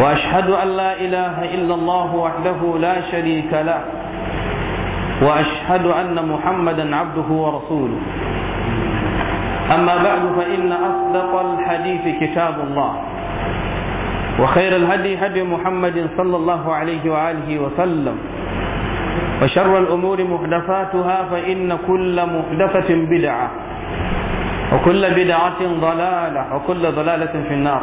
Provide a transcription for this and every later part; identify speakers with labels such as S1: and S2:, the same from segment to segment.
S1: واشهد ان لا اله الا الله وحده لا شريك له واشهد ان محمدا عبده ورسوله اما بعد فان اصدق الحديث كتاب الله وخير الهدي هدي محمد صلى الله عليه واله وسلم وشر الامور محدثاتها فان كل محدثه بدعه وكل بدعه ضلاله وكل ضلاله في النار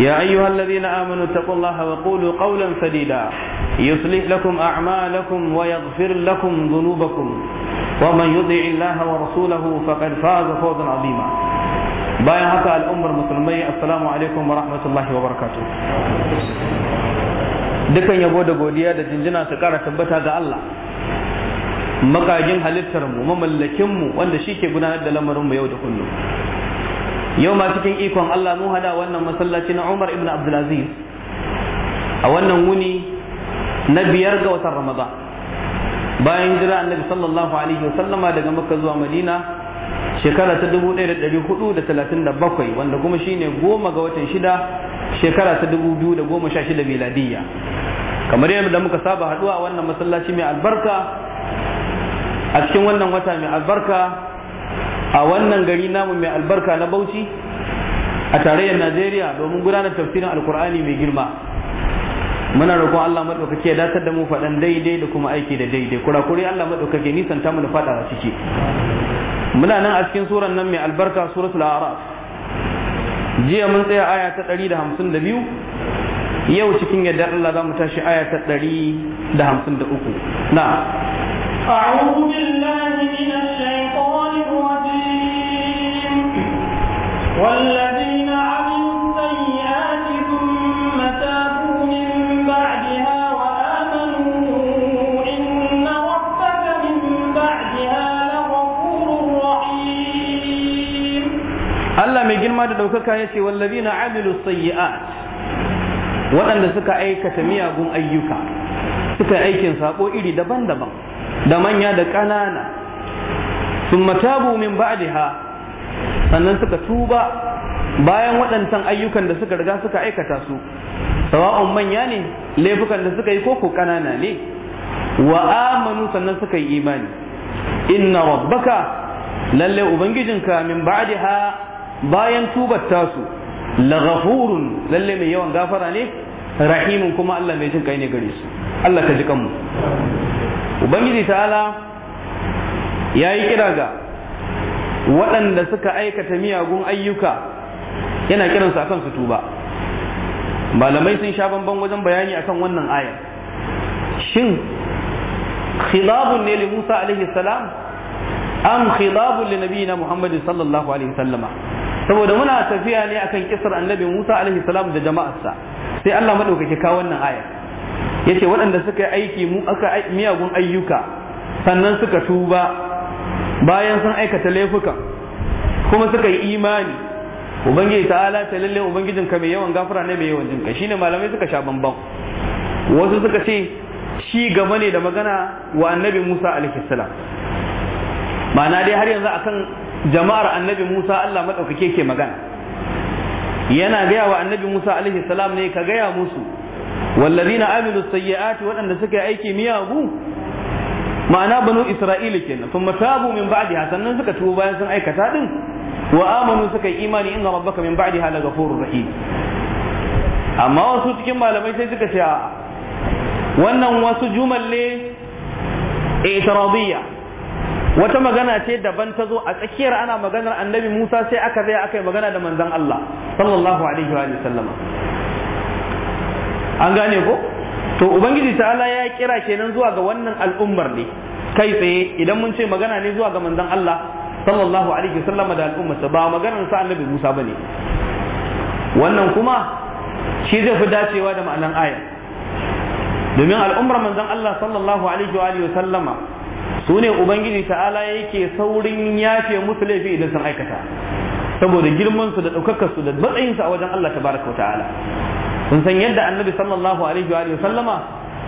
S1: يا أيها الذين آمنوا اتقوا الله وقولوا قولا سديدا يصلح لكم أعمالكم ويغفر لكم ذنوبكم ومن يطع الله ورسوله فقد فاز فوزا عظيما bayan haka al'ummar musulmai assalamu alaikum wa rahmatullahi wa barakatuh dukan yabo da godiya da jinjina ta kara tabbata da Allah makajin halittar mu mamallakin mu wanda ke gudanar da lamarin mu yau da kullum yau ma cikin ikon Allah mu hada wannan masallaci na Umar ibn Abdulaziz a wannan wuni na biyar ga watan Ramadan bayan jira annabi sallallahu alaihi wasallama daga Makka zuwa Madina shekara ta 1437 wanda kuma shine goma ga watan shida shekara ta 2016 miladiyya kamar yadda muka saba haduwa a wannan masallaci mai albarka a cikin wannan wata mai albarka a wannan gari namu mai albarka na bauchi a tarayyar najeriya domin gudanar tafsirin alkur'ani mai girma muna roƙon allah maɗaukaki ya datar da mu faɗan daidai da kuma aiki da daidai kurakuri allah maɗaukaki nisan ta mu faɗa a ciki muna nan a cikin suran nan mai albarka suratul a'raf jiya mun tsaya aya ta biyu, yau cikin yadda allah za mu tashi aya ta 153 na
S2: أعوذ بالله من والذين عملوا السيئات ثم تابوا من بعدها وآمنوا إن ربك من بعدها لغفور رحيم
S1: الله mai girma da ɗaukaka ya ce wallazina amilu sayyi'at waɗanda suka aikata miyagun ayyuka suka aikin saɓo iri daban-daban da manya da ƙanana sun bumin min ba'diha sannan suka tuba bayan waɗancan ayyukan da suka riga suka aikata su sawa'un manya ne laifukan da suka yi koko ƙanana ne wa amanu sannan suka yi imani inna rabbaka lalle ubangijinka min ba'daha bayan tubar tasu laghafurun lalle mai yawan gafara ne rahimun kuma Allah mai jin kai ne gare su Allah ka ji kanmu ubangiji ta'ala yayi kira ga waɗanda suka aikata miyagun ayyuka yana kiransu akan su tuba malamai sun sha bamban wajen bayani akan wannan ayar shin khidabun ne li Musa alaihi salam am khidabun li nabiyina Muhammad sallallahu alaihi sallama saboda muna tafiya ne akan kisar annabi Musa alaihi salam da jama'arsa sai Allah madaukake ka wannan ayar yace waɗanda suka yi aiki mu aka miyagun ayyuka sannan suka tuba bayan sun aikata laifukan kuma suka yi imani ubangiji ta'ala ta lalle ubangijin ka mai yawan gafara ne mai yawan jinka. shine malamai suka sha bamban wasu suka ce shi gaba ne da magana wa annabi Musa alaihi salam ma'ana dai har yanzu akan jama'ar annabi Musa Allah maɗaukake ke magana yana gaya wa annabi Musa alaihi salam ne ka gaya musu wallazina amilu sayyi'ati waɗanda suka yi aiki miyagu ma'ana banu isra'ila kenan kuma tabu min ba'diha sannan suka tuwo bayan sun aikata din wa amanu suka yi imani inna rabbaka min ba'diha la ghafurur rahim amma wasu cikin malamai sai suka ce wannan wasu jumalle itiradiyya wata magana ce daban ta zo a tsakiyar ana maganar annabi Musa sai aka zai aka yi magana da manzon Allah sallallahu alaihi wa sallama an gane ko to ubangiji ta'ala ya kira kenan zuwa ga wannan al'ummar ne kai tsaye idan mun ce magana ne zuwa ga manzon Allah sallallahu alaihi wasallam da al'ummarsa ba maganar sa annabi Musa bane wannan kuma shi zai fi dacewa da ma'anar aya domin al'ummar manzon Allah sallallahu alaihi wa alihi wasallama su ne ubangiji ta'ala yake saurin yafe musu laifi idan sun aikata saboda girman su da daukakar su da matsayin su a wajen Allah tabaraka wa ta'ala kun san yadda annabi sallallahu alaihi wa sallama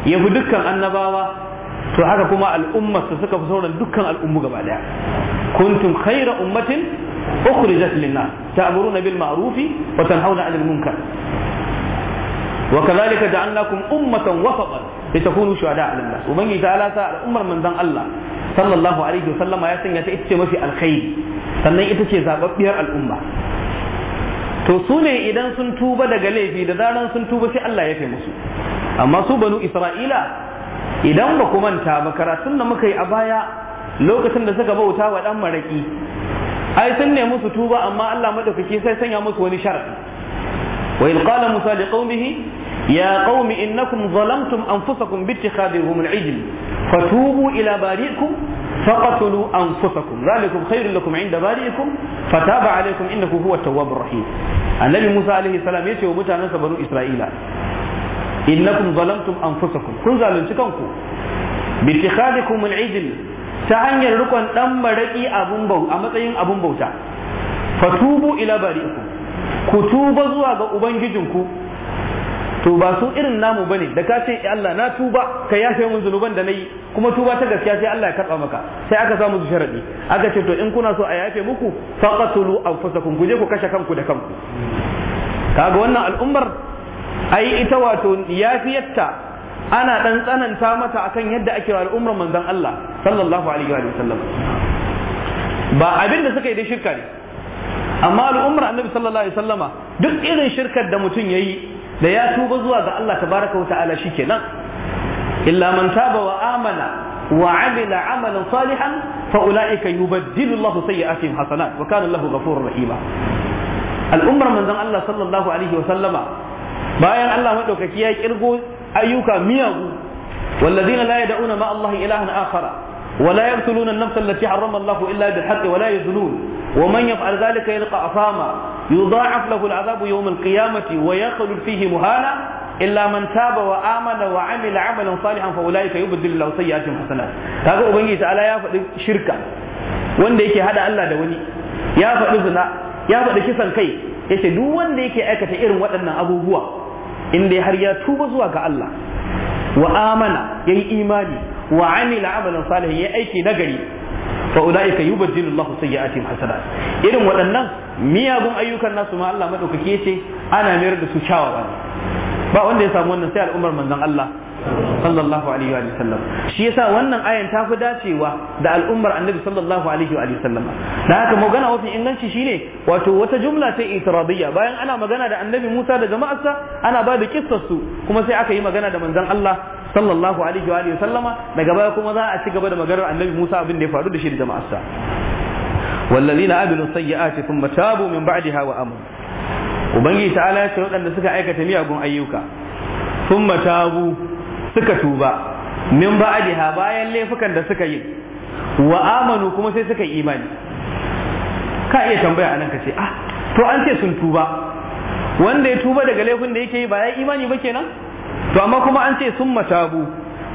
S1: ya fi dukkan annabawa to haka kuma su suka fi sauran dukkan al'ummu gaba daya kuntum khayra ummatin ukhrijat lin-nas ta'muruna bil ma'ruf wa tanhauna 'anil munkar wa kadhalika ja'alnakum ummatan وكذلك جعلناكم أمة وسطا لتكونوا شهداء على الناس ومن تعالى الأمة Allah sallallahu alaihi wa الله ya وسلم يا سنة إتشي مفي الخير sannan ita ce zababbiyar al'umma to su ne idan sun tuba daga laifi da zaran sun tuba sai Allah ya fi musu amma su banu isra'ila idan ba ku manta ba karatun da muka yi a baya lokacin da suka bauta wa dan maraki ai sun ne musu tuba amma Allah madaukaki sai sanya musu wani sharadi wa in qala musa liqaumihi يا قوم إنكم ظلمتم أنفسكم باتخاذكم العجل فتوبوا إلى بارئكم فقتلوا أنفسكم ذلكم خير لكم عند بارئكم فتاب عليكم إنه هو التواب الرحيم النبي موسى عليه السلام يتي ومتى بنو إسرائيل إنكم ظلمتم أنفسكم كن ظالمتكمكم باتخاذكم العجل تعني ركن أم رئي أبن بو أمتين أبن بوتا فتوبوا إلى بارئكم كتوب زوا أبنججنكم to ba su irin namu bane da ka ce eh, Allah na tuba ka yafe mun zunuban da nayi kuma tuba ta gaskiya sai Allah ya karba maka sai aka samu su sharadi aka ce to in kuna so a yafe muku faqatulu anfusakum guje ku kashe kanku da kanku kaga wannan al'ummar ai ita wato yafiyarta ana dan tsananta mata akan yadda ake wa al'ummar manzon Allah sallallahu alaihi wa sallam ba abin da suka yi dai shirka ne amma al'ummar annabi sallallahu alaihi wasallama duk irin shirkar da mutum yayi da ya tuba zuwa ga Allah tabaraka wa ta'ala shikenan illa man taba wa amana wa amila amalan salihan fa ulaika yubaddilu Allahu sayyi'atihim hasanat wa kana Allahu ghafurur rahima al'ummar manzon Allah sallallahu alaihi wa sallama bayan Allah madaukaki ya kirgo ayyuka miyagu والذين لا يدعون مع الله إلها آخر ولا يقتلون النفس التي حرم الله إلا بالحق ولا يزنون ومن يفعل ذلك يلقى أثاما يضاعف له العذاب يوم القيامة ويخلد فيه مهانا إلا من تاب وآمن وعمل عملا صالحا فأولئك يبدل الله سيئاتهم حسنات هذا أبنجي تعالى يا فقد شركة وان ديكي هذا ألا دوني يا فقد زنا يا فقد كسن كي yace duk wanda yake aikata irin waɗannan abubuwa in dai har ya tuba zuwa ga Allah wa amana yayi imani wa amila amalan salihan ya aiki nagari fa ulaika yubaddilu Allahu hasanat irin waɗannan miyagun ayyukan nasu ma Allah madaukaki ce ana mayar da su kyawawa ba wanda ya samu wannan sai al'ummar manzon Allah sallallahu alaihi wa sallam shi yasa wannan ayan ta fi dacewa da al'ummar annabi sallallahu alaihi wa sallam da haka magana mafi inganci shine wato wata jumla ce itiradiyya bayan ana magana da annabi Musa da jama'arsa ana ba da kissar su kuma sai aka yi magana da manzon Allah sallallahu alaihi wa alihi sallama daga baya kuma za a ci gaba da maganar annabi Musa abin da ya faru da shi da jama'arsa wallazina abilu sayyi'ati thumma tabu min ba'daha wa amu ubangiji ta'ala ya ce waɗanda suka aikata miyagun ayyuka thumma tabu suka tuba min ba'daha bayan laifukan da suka yi wa amanu kuma sai suka yi imani ka iya tambaya anan ka ce ah to an ce sun tuba wanda ya tuba daga laifin da yake yi ba ya imani ba kenan to amma kuma an ce sun matabu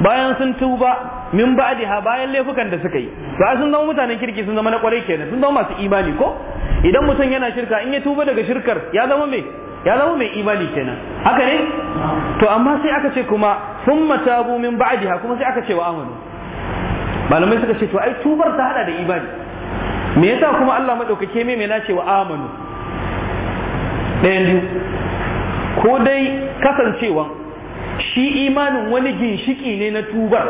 S1: bayan sun tuba min ha bayan laifukan da suka yi to sun zama mutanen kirki sun zama na kwarai kenan sun zama masu imani ko idan mutum yana shirka in ya tuba daga shirkar ya zama mai ya zama mai imani kenan haka ne to amma sai aka ce kuma sun matabu min ha kuma sai aka ce wa amanu malamai suka ce to ai tubar ta hada da imani me yasa kuma Allah madaukake me na ce wa amanu ɗayan biyu ko dai kasancewan. shi imanin wani ginshiki ne na tubar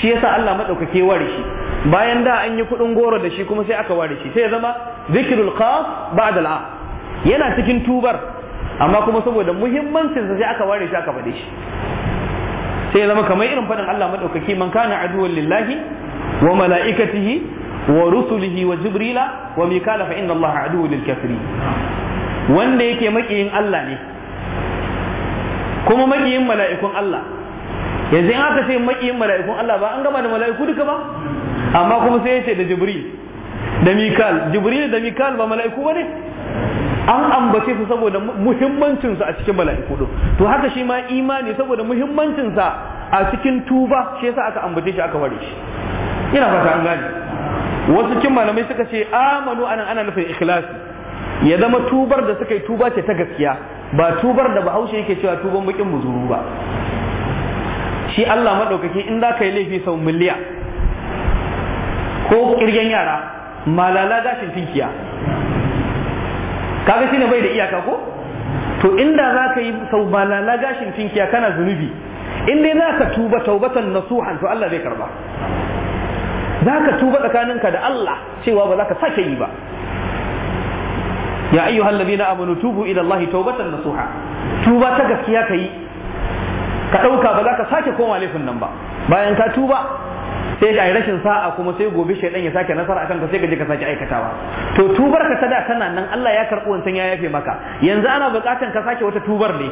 S1: shi yasa Allah madaukake ware shi bayan da an yi goro da shi kuma sai aka ware shi sai ya zama zikrul khas ba'da al'am yana cikin tubar amma kuma saboda muhimmancin sa sai aka ware shi aka faɗe shi sai ya zama kamar irin faɗin Allah madaukake man kana aduwwan lillahi wa mala'ikatihi wa rusulihi wa jibrila wa mikala fa inna Allah aduwwul kafirin wanda yake makiyin Allah ne kuma makiyin mala'ikun Allah yanzu in aka ce makiyin mala'ikun Allah ba an gama da mala'iku duka ba amma kuma sai ya ce da jibril da mikal jibril da mikal ba mala'iku ba ne an ambace su saboda muhimmancinsu a cikin mala'iku din to haka shi ma imani saboda muhimmancinsa a cikin tuba shi yasa aka ambace shi aka ware shi ina fata an gane wasu kin malamai suka ce amanu anan ana nufin ikhlasi ya zama tubar da suka yi tuba ce ta gaskiya ba tubar da bahaushe yake cewa tuban bakin buzuru ba shi Allah maɗaukaki in za ka yi laifi sau miliya ko kirgen yara malala gashin tinkiya kaga shine bai da iyaka ko to inda za ka yi sau malala gashin tinkiya kana zunubi in dai za ka tuba taubatan nasuhan to Allah zai karba za ka tuba tsakaninka da Allah cewa ba za ka sake yi ba ya ayyuhal ladina amanu tubu ila Allah tawbatan nasuha tuba ta gaskiya kai ka dauka ba za ka sake koma laifin nan ba bayan ka tuba sai ga rashin sa'a kuma sai gobe shaidan ya sake nasara akan ka sai gaje ka sake aikatawa to tubar ka ta da tana nan Allah ya karɓi wancan ya yafe maka yanzu ana buƙatan ka sake wata tubar ne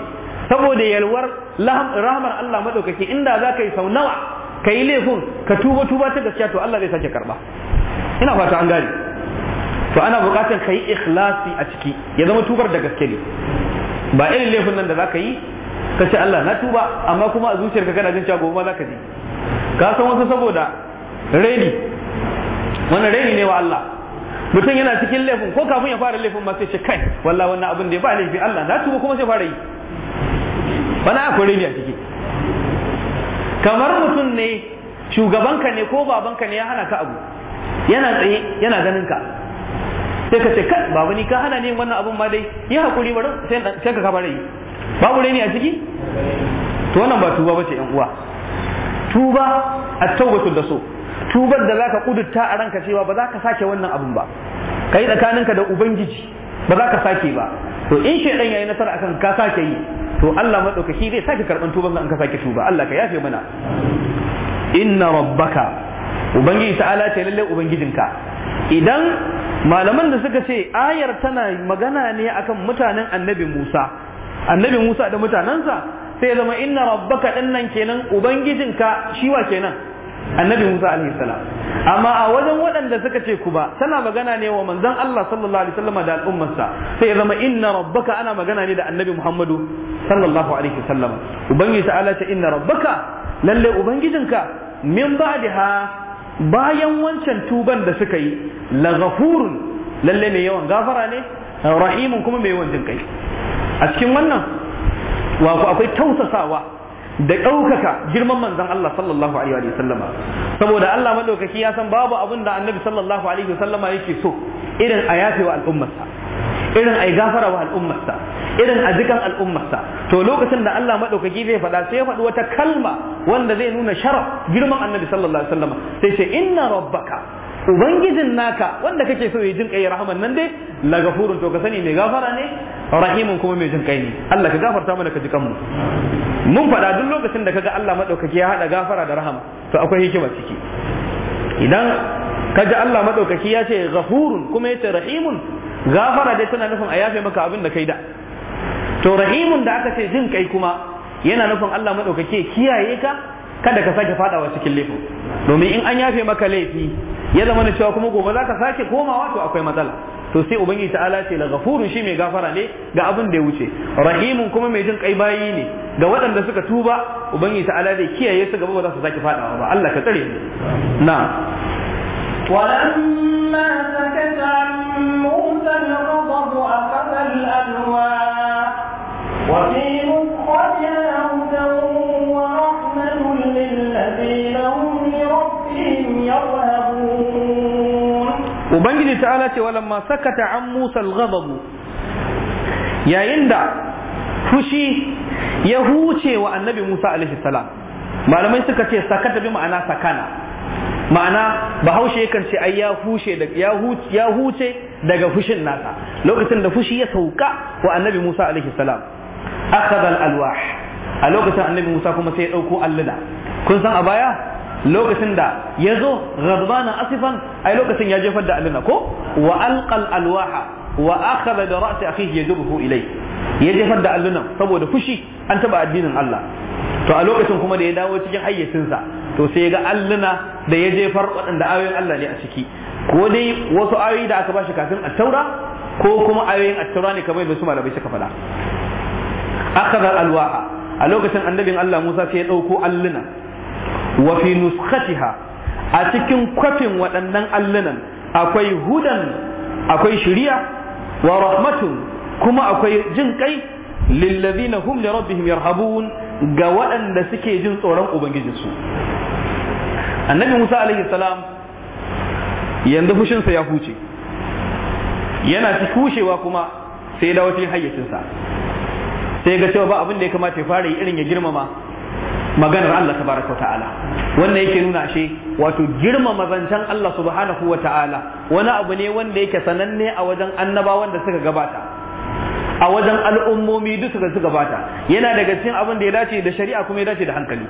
S1: saboda yalwar rahmar Allah madaukaki inda za ka yi sau nawa ka yi laifin ka tuba tuba ta gaskiya to Allah zai sake karɓa ina fata an gane to ana buƙatar ka yi ikhlasi a ciki ya zama tubar da gaske ne ba irin laifin nan da za ka yi ka ce Allah na tuba amma kuma a zuciyarka kana jin cewa gobe ma za ka je ka san wasu saboda raini wannan raini ne wa Allah mutum yana cikin laifin ko kafin ya fara laifin ma sai ce kai walla wannan abin da ya ba laifi Allah na tuba kuma sai fara yi wani akwai raini a ciki kamar mutum ne shugabanka ne ko babanka ne ya hana ka abu yana tsaye yana ganin ka sai ka ce kan babu ni ka hana ni wannan abun ma dai yi hakuri bari sai ka kaba rai babu rai ne a ciki to wannan ba tuba bace yan uwa tuba at-tawbatu da so tubar da zaka kudurta a ranka cewa ba za ka sake wannan abun ba kai tsakaninka da ubangiji ba za ka sake ba to in ɗan yayi nasara akan ka sake yi to Allah madaukaki zai sake karban tuban ka in ka sake tuba Allah ka yafe mana inna rabbaka ubangiji ta'ala ta lalle ubangijinka idan malaman da suka ce ayar tana magana ne akan mutanen annabi Musa annabi Musa da mutanensa sai zama inna rabbaka dinnan kenan ubangijinka shiwa kenan annabi Musa alaihi salam amma a wajen waɗanda suka ce ku ba tana magana ne wa manzon Allah sallallahu alaihi wasallam da al'ummarsa sai zama inna rabbaka ana magana ne da annabi Muhammadu sallallahu alaihi wasallam ubangiji ta'ala ce inna rabbaka lalle ubangijinka min ba'daha bayan wancan tuban da suka yi laghafurun lalle mai yawan gafara ne rahimun kuma mai yawan jin a cikin wannan wato akwai tausasawa da ɗaukaka girman manzon Allah sallallahu alaihi wa sallama saboda Allah madaukaki ya san babu abin da annabi sallallahu alaihi wa sallama yake so irin a yafewa al'ummarsa irin ai gafara wa al'ummarsa irin jikan al'ummarsa to lokacin da Allah madaukaki zai faɗa sai ya faɗi wata kalma wanda zai nuna sharaf girman annabi sallallahu alaihi wasallam sai ce inna rabbaka ubangijin naka wanda kake so ya jin rahman nan dai la gafurun to ka sani mai gafara ne rahimun kuma mai jin ne Allah ka gafarta mana ka ji kanmu mun faɗa duk lokacin da kaga Allah madaukaki ya haɗa gafara da rahama to akwai hikima ciki idan kaji Allah madaukaki ya ce gafurun kuma yace rahimun
S2: gafara dai
S1: tana nufin a yafe maka abin da kai da to rahimun da aka ce jin kai kuma yana nufin Allah madaukake kiyaye ka kada ka sake fadawa cikin laifin domin in an yafe maka laifi ya zama na cewa kuma gobe za ka sake komawa to akwai matsala to sai ubangiji ta'ala ce la ghafurun shi mai gafara ne ga abin da ya wuce rahimun kuma mai jin kai bayi ne ga waɗanda suka tuba ubangiji ta'ala zai kiyaye su gaba ba za su sake fadawa ba Allah ka tsare na
S2: ولما سكت عن موسى الغضب أخذ الألواح وفي مخرجها هدى ورحمة للذين هم لربهم يرهبون
S1: وبنجي تعالى ولما سكت عن موسى الغضب يا يندع fushi ya huce wa annabi Musa alaihi salam malamai suka ce sakata bi ma'ana sakana ma'ana bahaushe yakan ce ai ya hushe ya huce daga fushin nasa lokacin da fushi ya sauka wa annabi Musa alaihi salam akhadha al-alwah a lokacin annabi Musa kuma sai ya dauko alluna kun san a baya lokacin da ya zo ghadbana asifan ai lokacin ya jefar da alluna ko wa alqal alwaha wa akhadha bi ra'si akhihi yadruhu ilay ya jefar da allunan saboda fushi an taba addinin Allah to a lokacin kuma da ya dawo cikin hayyacinsa to sai ya ga alluna da ya jefar waɗanda ayoyin Allah ne a ciki ko dai wasu ayoyi da aka bashi kafin a taura, ko kuma ayoyin taura ne kamar da su malamai suka faɗa akhadha alwa'a, a lokacin annabin Allah Musa sai ya dauko alluna wa fi nuskhatiha a cikin kwafin waɗannan allunan akwai hudan akwai shiriya wa rahmatun kuma akwai jin kai lillazina hum li rabbihim yarhabun ga waɗanda suke jin tsoron ubangijinsu annabi musa alaihi salam yanzu fushinsa ya huce yana ci kushewa kuma sai da wata hayyacinsa sai ga cewa ba abin da ya kamata ya fara yi irin ya girmama maganar Allah tabaraka ta'ala wannan yake nuna ashe wato girmama zancen Allah subhanahu wa ta'ala wani abu ne wanda yake sananne a wajen annabawan da suka gabata a wajen al'ummomi duk da suka bata yana daga cikin abin da ya dace da shari'a kuma ya dace da hankali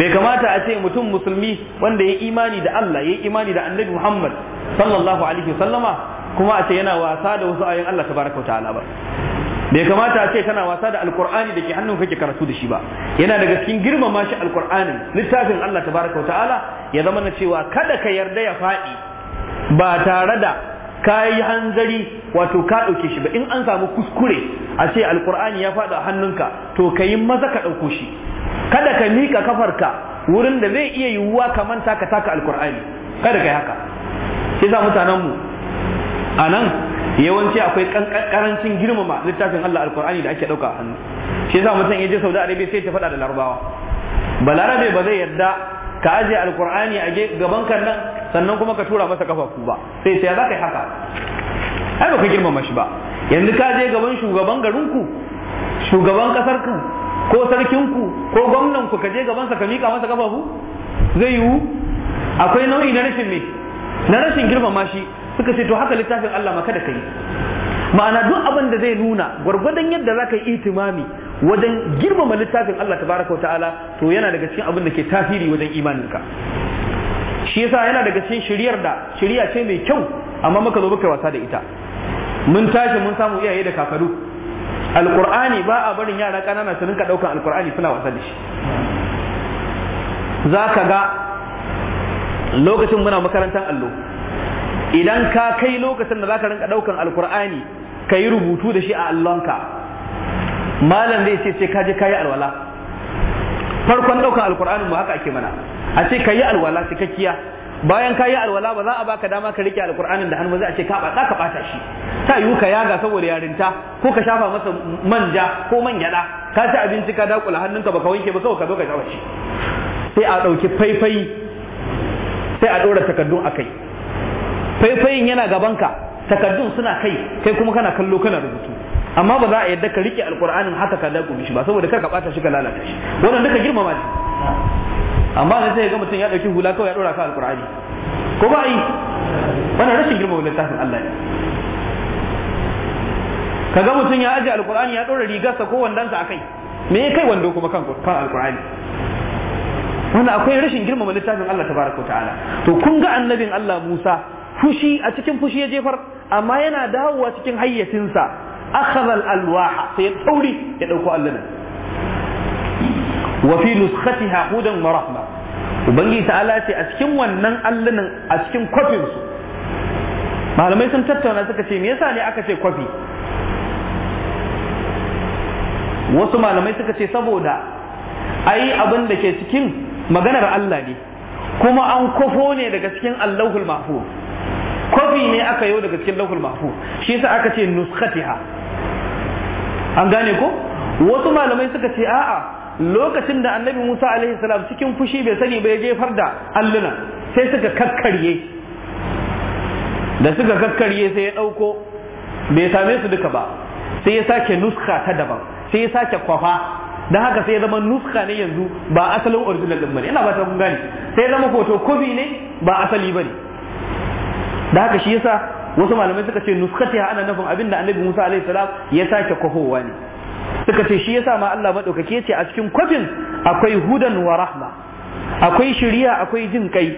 S1: bai kamata a ce mutum musulmi wanda ya imani da Allah ya imani da Annabi Muhammad sallallahu alaihi wasallama kuma a ce yana wasa da wasu ayoyin Allah tabaraka wa ta'ala ba bai kamata a ce kana wasa da alkur'ani da ke hannun kake karatu da shi ba yana daga cikin girmama shi alkur'anin littafin Allah tabaraka wa ta'ala ya zama na cewa kada ka yarda ya faɗi ba tare da ka yi hanzari wato ka ɗauke shi ba in an samu kuskure a ce alkur'ani ya faɗa hannunka to ka yi maza ka ɗauko shi kada ka miƙa kafarka wurin da zai iya yiwuwa ka manta ka taka alkur'ani kada ka yi haka sai sa mutanenmu a nan yawanci akwai ƙarancin girmama littafin Allah alkur'ani da ake ɗauka a hannu Sai sa mutum ya je Saudi Arabia sai ta faɗa da Larabawa balarabe ba zai yarda ka ajiye alkur'ani a gaban kan nan sannan kuma ka tura masa kafafu ba sai sai za ka yi haka ai ba ka girmama shi ba yanzu ka je gaban shugaban garinku shugaban kasarku ko sarkinku ko gwamnanku ka je gaban sa ka miƙa masa kafafu zai yiwu akwai nau'i na rashin me na rashin girmama shi suka ce to haka littafin Allah ma kada ka ma'ana duk abin da zai nuna gwargwadon yadda za ka yi itimami wajen girmama littafin Allah tabaraka ta'ala to yana daga cikin abin da ke tasiri wajen imaninka shi yasa yana daga cikin shiriyar da shiriya ce mai kyau amma muka zo muka wasa da ita mun tashi mun samu iyaye da kakadu alqur'ani ba a barin yara kanana su rinka daukan alqur'ani suna wasa da shi zaka ga lokacin muna makarantar allo idan ka kai lokacin da zaka rinka daukan alqur'ani ka yi rubutu da shi a allonka malam zai ce sai ka je ka yi alwala farkon daukan alqur'ani mu haka ake mana a ce ka yi alwala cikakkiya bayan ka yi alwala ba za a baka dama ka rike alkur'anin da hannu ba za a ce ka bata ka bata shi ta yiwu ka yaga saboda yarinta ko ka shafa masa manja ko man gyada ka ci abinci ka dakula hannunka baka wanke ba kawai ka zo ka shafa shi sai a ɗauki faifai sai a ɗora takardun a kai faifayin yana gaban ka takardun suna kai kai kuma kana kallo kana rubutu amma ba za a yadda ka rike alkur'anin haka ka dakume shi ba saboda kar ka bata shi ka lalata shi wannan duka girmama
S3: ne
S1: amma da sai ga mutum ya dauki hula kawai ya dora ka alqur'ani ko ba yi wannan rashin girmama littafin Allah ne kaga mutum ya aje alqur'ani ya dora rigarsa ko wandansa akai me ya kai wando kuma kan kan alqur'ani wannan akwai rashin girmama littafin Allah tabaraka ta'ala to kun ga annabin Allah Musa fushi a cikin fushi ya jefar amma yana dawowa cikin hayyacinsa akhadha al-alwaha sai ya tauri ya dauko allana wa fi nuskhatiha hudan wa ubangiji ta'ala ce a cikin wannan allunan a cikin kwafin su malamai sun tattauna suka ce me yasa ne aka ce kwafi wasu malamai suka ce saboda ai abin da ke cikin maganar Allah ne kuma an kwafo ne daga cikin allahul mahfuz kwafi ne aka yau daga cikin allahul mahfuz shi yasa aka ce nuskatiha an gane ko wasu malamai suka ce a'a lokacin da annabi Musa alaihi salam cikin fushi bai sani bai jefar da alluna sai suka kakkarye da suka kakkarye sai ya dauko bai same su duka ba sai ya sake nuska ta daban sai ya sake kwafa dan haka sai ya zama nuska ne yanzu ba asalin original din bane ina ba ta kun gane sai ya zama photocopy ne ba asali bane dan haka shi yasa wasu malamai suka ce nuskatiha ana nufin abin da annabi Musa alaihi salam ya sake kwafowa ne suka ce shi ya sa ma Allah maɗaukake ce a cikin kwafin akwai hudan wa rahma akwai shirya akwai jin kai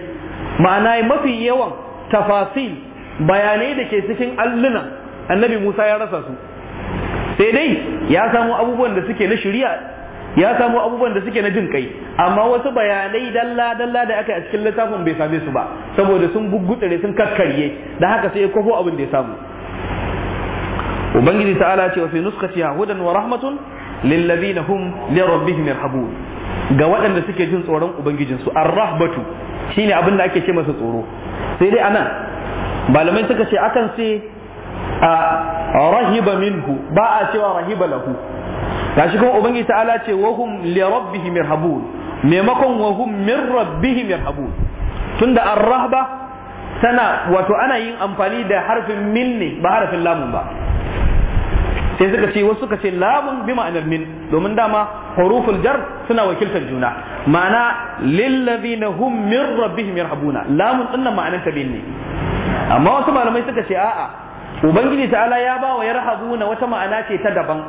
S1: ma'ana mafi yawan tafasil bayanai da ke cikin alluna annabi Musa ya rasa su sai dai ya samu abubuwan da suke na shiriya ya samu abubuwan da suke na jin kai amma wasu bayanai dalla dalla da aka yi a cikin littafin bai same su ba saboda sun gugutsare sun kakkarye da haka sai ya kwafo abin da ya samu ubangiji ta'ala ce wa fi ciya hudan wa rahmatun na hum li rabbihim yarhabun ga waɗanda suke jin tsoron ubangijinsu ar-rahbatu shine abin da ake ce masa tsoro sai dai anan malamai suka ce akan ce a rahiba minhu ba a cewa rahiba lahu gashi kuma ubangiji ta'ala ce wa hum li rabbihim yarhabun maimakon wa hum min rabbihim yarhabun tunda ar-rahba tana wato ana yin amfani da harfin min ne ba harfin lamun ba sai suka ce wasu suka ce lamun bi ma'anar min domin dama huruful jar suna wakiltar juna ma'ana lillazina hum min rabbihim yarhabuna lamun dinnan ma'anar ta ne amma wasu malamai suka ce a'a ubangiji ta'ala ya ba wa yarhabuna wata ma'ana ce ta daban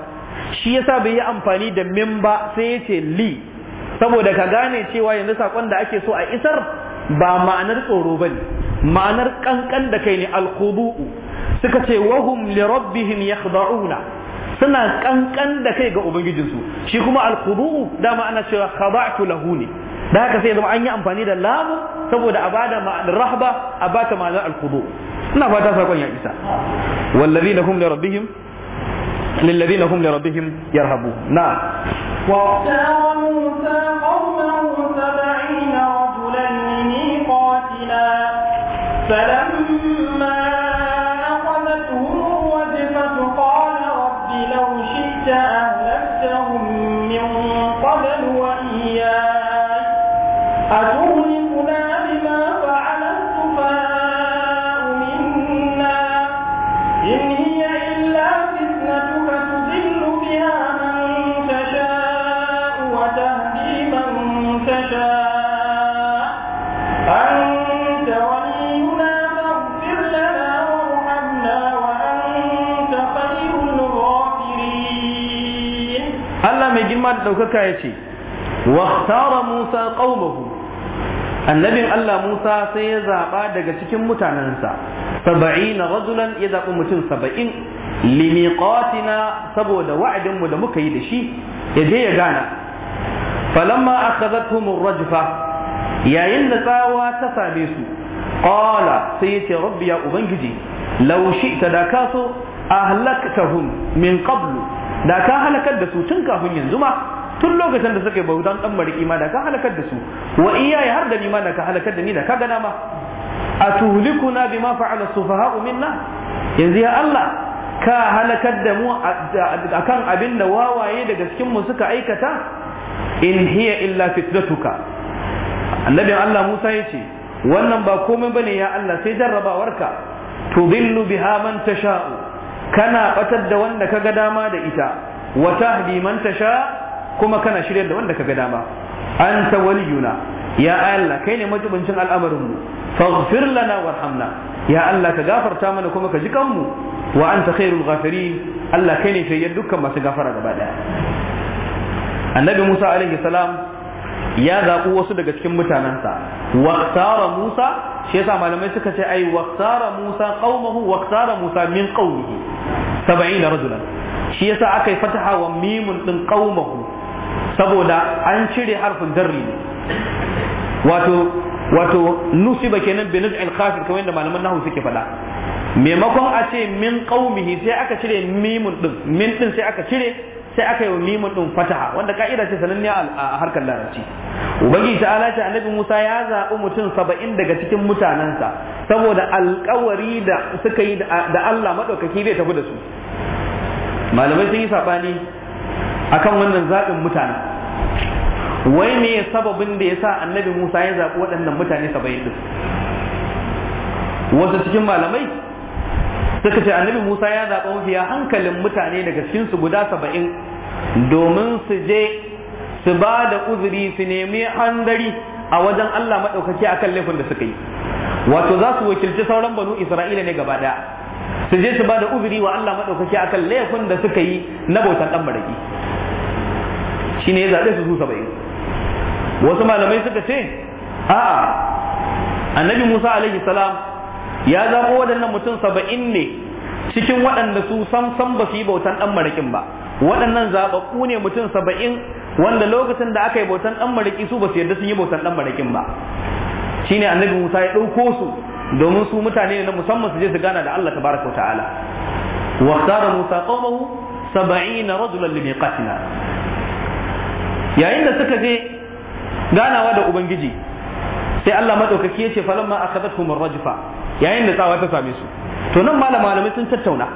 S1: shi yasa bai yi amfani da min ba sai ya ce li saboda ka gane cewa yanzu sakon da ake so a isar ba ma'anar tsoro bane ma'anar kankan da kai ne alqubu suka ce wahum li rabbihim yakhda'una suna kankan da kai ga ubangijinsu shi kuma al da dama ana cewa khada'tu lahu ne da haka sai zama an yi amfani da lamu saboda a bada rahba a bata ma'anar al-khudu ina fata sakon ya isa wallazina hum li rabbihim للذين هم لربهم يرهبون نعم
S2: واختار موسى قومه سبعين رجلا لميقاتنا فلما
S1: ɗaukaka ya ce waktara musa ƙaumahu, annabin Allah Musa sai ya zaɓa daga cikin mutanensa saba'i na rajulan ya zaɓi mutum saba'in limiqatina saboda wa'adinmu da muka yi da shi ya je ya gana falamma akhadhatuhum rajfa yayin da tsawa ta same su qala sai ce rabbi ya ubangiji law shi'ta da ka so min qablu da ka halakar da su tun kafin yanzu ma tun lokacin da suka yi bautan dan mariki ma da ka halakar da su wa iyaye har da ni ma da ka halakar da ni da ka gana ma atuhlikuna bima fa'ala sufaha'u minna yanzu ya Allah ka halakar da mu akan abin da wawaye daga cikin mu suka aikata in hiya illa fitnatuka annabi Allah Musa yace wannan ba komai bane ya Allah sai jarrabawarka tudillu biha man tasha'u kana batar da wanda kaga dama da ita wa tahdi man tasha'u kuma kana shiryar da wanda ka ga dama anta waliyuna ya Allah kai ne majibincin al'amarin mu faghfir lana warhamna ya Allah ka gafarta mana kuma ka ji kanmu wa anta khairul ghafirin Allah kai ne fiye dukkan masu gafara gaba daya annabi Musa alaihi salam ya zaɓi wasu daga cikin mutanensa waqtara Musa shi yasa malamai suka ce ai waqtara Musa qaumahu waqtara Musa min qaumihi 70 rajulan shi yasa aka yi fataha wa mimun din qaumahu saboda an cire harfin darri wato wato nusiba kenan bi naz'il khafir kamar yadda malaman nahwu suke faɗa maimakon a ce min qaumihi sai aka cire mimun din min din sai aka cire sai aka yi wa mimun din fataha wanda ka'ida ce sananniya a harkar larabci ubangiji ta'ala ce annabi Musa ya zaɓi mutum saba'in daga cikin mutanensa saboda alƙawari da suka yi da Allah madaukaki zai tafi da su malamai sun yi saɓani. akan wannan zaɓin mutane wai me sababin da ya sa annabi Musa ya zaɓi waɗannan mutane saba'in din wasu cikin malamai suka ce annabi Musa ya zaɓa mafiya hankalin mutane daga cikinsu guda saba'in domin su je su ba da uzuri su nemi handari a wajen Allah maɗaukaki akan laifin da suka yi wato za su wakilci sauran banu Isra'ila ne gaba ɗaya su je su ba da uzuri wa Allah maɗaukaki akan laifin da suka yi na bautan ɗan maraki Shi ne ya zaɓe su su saba'in wasu malamai suka ce a'a annabi musa alaihi salam ya zaɓo waɗannan mutum saba'in ne cikin waɗanda su sam sam ba su yi bautan ɗan marikin ba waɗannan zaɓaɓɓu ne mutum saba'in wanda lokacin da aka yi bautan ɗan mariki su ba su yarda sun yi bautan ɗan marikin ba shine annabi musa ya ɗauko su domin su mutane ne na musamman su je su gana da allah tabaraka ta'ala wa musa qaumahu saba'ina rajulan limiqatina yayin da suka je ganawa da ubangiji sai Allah madaukaki ya ce falamma akhadathum ar-rajfa yayin da tsawa ta same su to nan malama malamai sun tattauna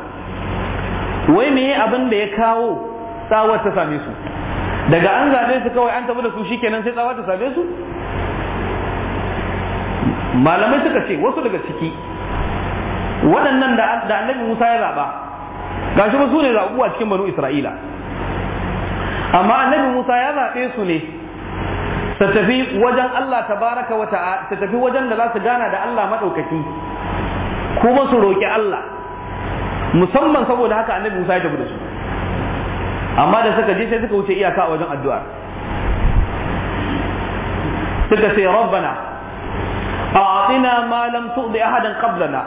S1: wai meye abin da ya kawo tsawar ta same su daga an zabe su kawai an tafi da su shikenan sai tsawa ta same su malamai suka ce wasu daga ciki waɗannan da annabi Musa ya zaba gashi ba su ne zabuwa cikin banu Isra'ila amma annabi Musa ya zaɓe su ne ta tafi wajen Allah tabaraka wa ta tafi wajen da za su gana da Allah maɗaukaki kuma su roƙi Allah musamman saboda haka annabi Musa ya tafi da su amma da suka je sai suka wuce iyaka a wajen addu'a suka ce rabbana a'tina ma lam tu'di ahadan qablana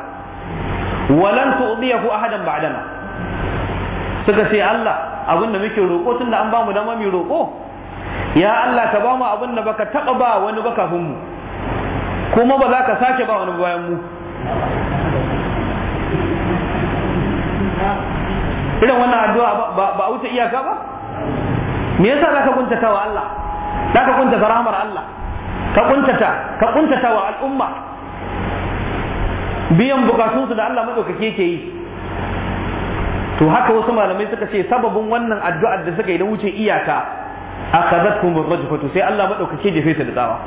S1: wa lan tu'diyahu ahadan ba'dana suka ce Allah abin da muke roƙo tun da an ba mu dama mu roƙo ya Allah ka ba mu abin da baka taɓa ba wani ba kafin mu kuma ba za ka sake ba wani bayan mu irin wannan addu'a ba a wuce iyaka ba me yasa ka kuntata wa Allah Za ka kuntata rahmar Allah ka kuntata ka kuntata wa al'umma biyan bukatunsu da Allah madaukake ke yi to haka wasu malamai suka ce sababin wannan addu'ar da suka yi da wuce iyaka akhadhatkum ar-rajfatu sai Allah madaukake jefe ta da tsawa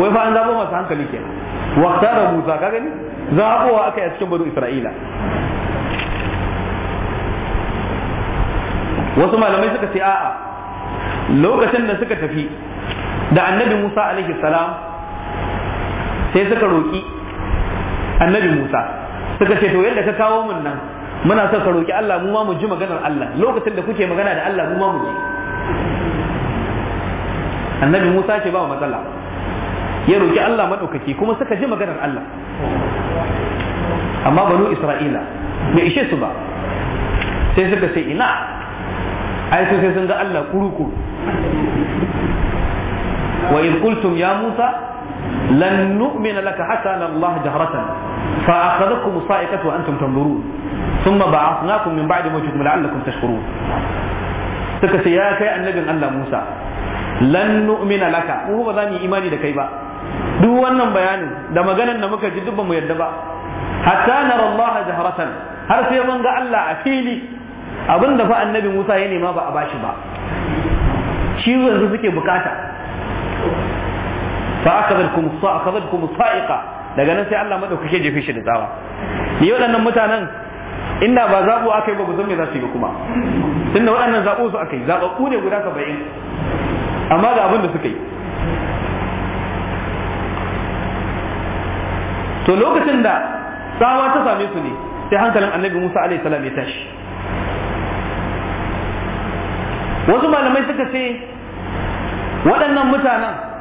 S1: wai fa an zabo masu hankali kenan wa tara Musa ka gani zabowa aka yi a cikin banu Isra'ila wasu malamai suka ce a'a lokacin da suka tafi da annabi Musa alaihi salam sai suka roki annabi Musa suka ce to yadda ka kawo mun nan muna son ka roki Allah mu ma mu ji maganar Allah lokacin da kuke magana da Allah mu ma mu ji annabi Musa ce ba matsala ya roki Allah madaukaki kuma suka ji maganar Allah amma banu Isra'ila bai ishe su ba sai suka ce ina ai sai sun ga Allah kuruku. wa in qultum ya Musa lan nu'mina laka hatta Allah jahratan فأخذتكم الصائقة وأنتم تنظرون ثم بعثناكم من بعد موتكم لعلكم تشكرون suka ce ya kai annabin Allah Musa lan nu'mina laka mu ba za mu yi imani da kai ba duk wannan bayanin da maganar da muka ji duk ba mu yadda ba hatta nara Allah jahratan har sai mun ga Allah a fili abinda fa annabi Musa ya nema ba a bashi ba shi yanzu suke fa daga nan sai Allah ke jefe shi da tsawa ni waɗannan mutanen inda ba zaɓo aka yi ba guzon me za su yi kuma tunda waɗannan zaɓo su aka yi zaɓaɓɓu ne guda ka saba'in amma ga abin da suka yi to lokacin da tsawa ta same su ne sai hankalin annabi musa alaihi salam ya tashi wasu malamai suka ce waɗannan mutanen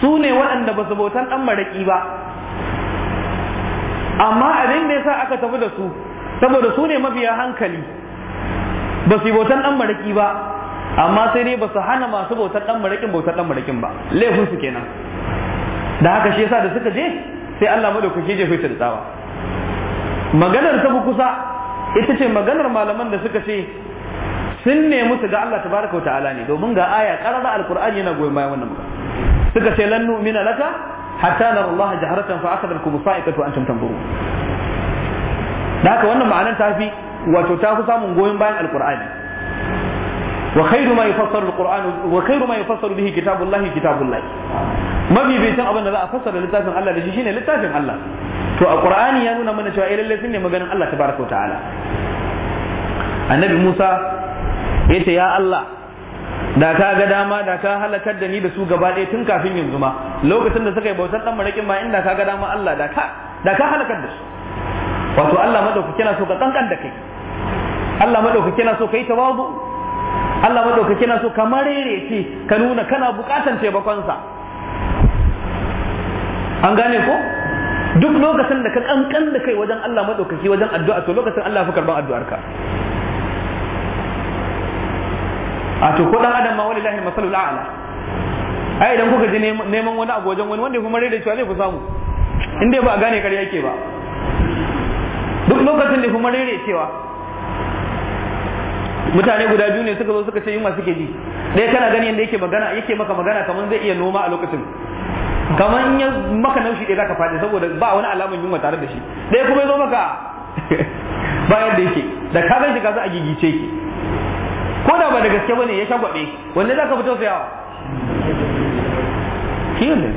S1: su ne waɗanda ba su bautan ɗan maraƙi ba amma abin da ya sa aka tafi da su saboda su ne mafiya hankali ba su bautan ɗan maraƙi ba amma sai dai ba su hana masu bautan ɗan maraƙin bautan ɗan maraƙin ba laifinsu kenan da haka shi yasa da suka je sai Allah kuke je fitar tsawa maganar ta kusa ita ce maganar malaman da suka ce sun nemi su ga Allah tabaraka wa ta'ala ne domin ga aya karara Alƙur'ani yana goyon bayan wannan magana suka ce lannu mina laka hatta nara Allah jaharatan fa akhadhakum sa'iqatu antum buru. da haka wannan ma'anar ta fi wato ta fi samun goyon bayan alqur'ani wa khairu ma yufassaru alqur'an wa khairu ma yufassaru bihi kitabullahi kitabullah mabibitan abin da za a fassara littafin Allah da shi shine littafin Allah to a qur'ani ya nuna mana cewa eh, lalle sun ne maganin Allah tabaraka wa ta'ala annabi Musa yace ya Allah da ka ga dama da ka halakar da ni da su gaba ɗaya tun kafin yanzu ma lokacin da suka yi bautar dan marakin ma inda ka ga dama Allah da ka da ka halakar da su wato Allah madaukaki yana so ka kankan da kai Allah madaukaki yana so kai tawadu Allah madaukaki yana so ka marerece ka nuna kana bukatan taimakon sa an gane ko duk lokacin da ka kankan da kai wajen Allah madaukaki wajen addu'a to lokacin Allah ya fi karban addu'arka a to ko dan adam ma walillahi masalul a'la ai idan kuka ji neman wani abu wajen wani wanda kuma rai cewa zai ku samu in dai ba a gane kare yake ba duk lokacin da kuma rere cewa mutane guda biyu ne suka zo suka ce yunwa suke ji ɗaya kana gani yadda yake magana yake maka magana kamar zai iya noma a lokacin kamar in ya maka naushi ɗaya zaka faɗi saboda ba wani alamun yunwa tare da shi ɗaya kuma ya zo maka ba yadda yake da ka gan shi ka a gigice ki ko da ba da gaske bane ya shagwabe wanne zaka fito sayawa kiyon ne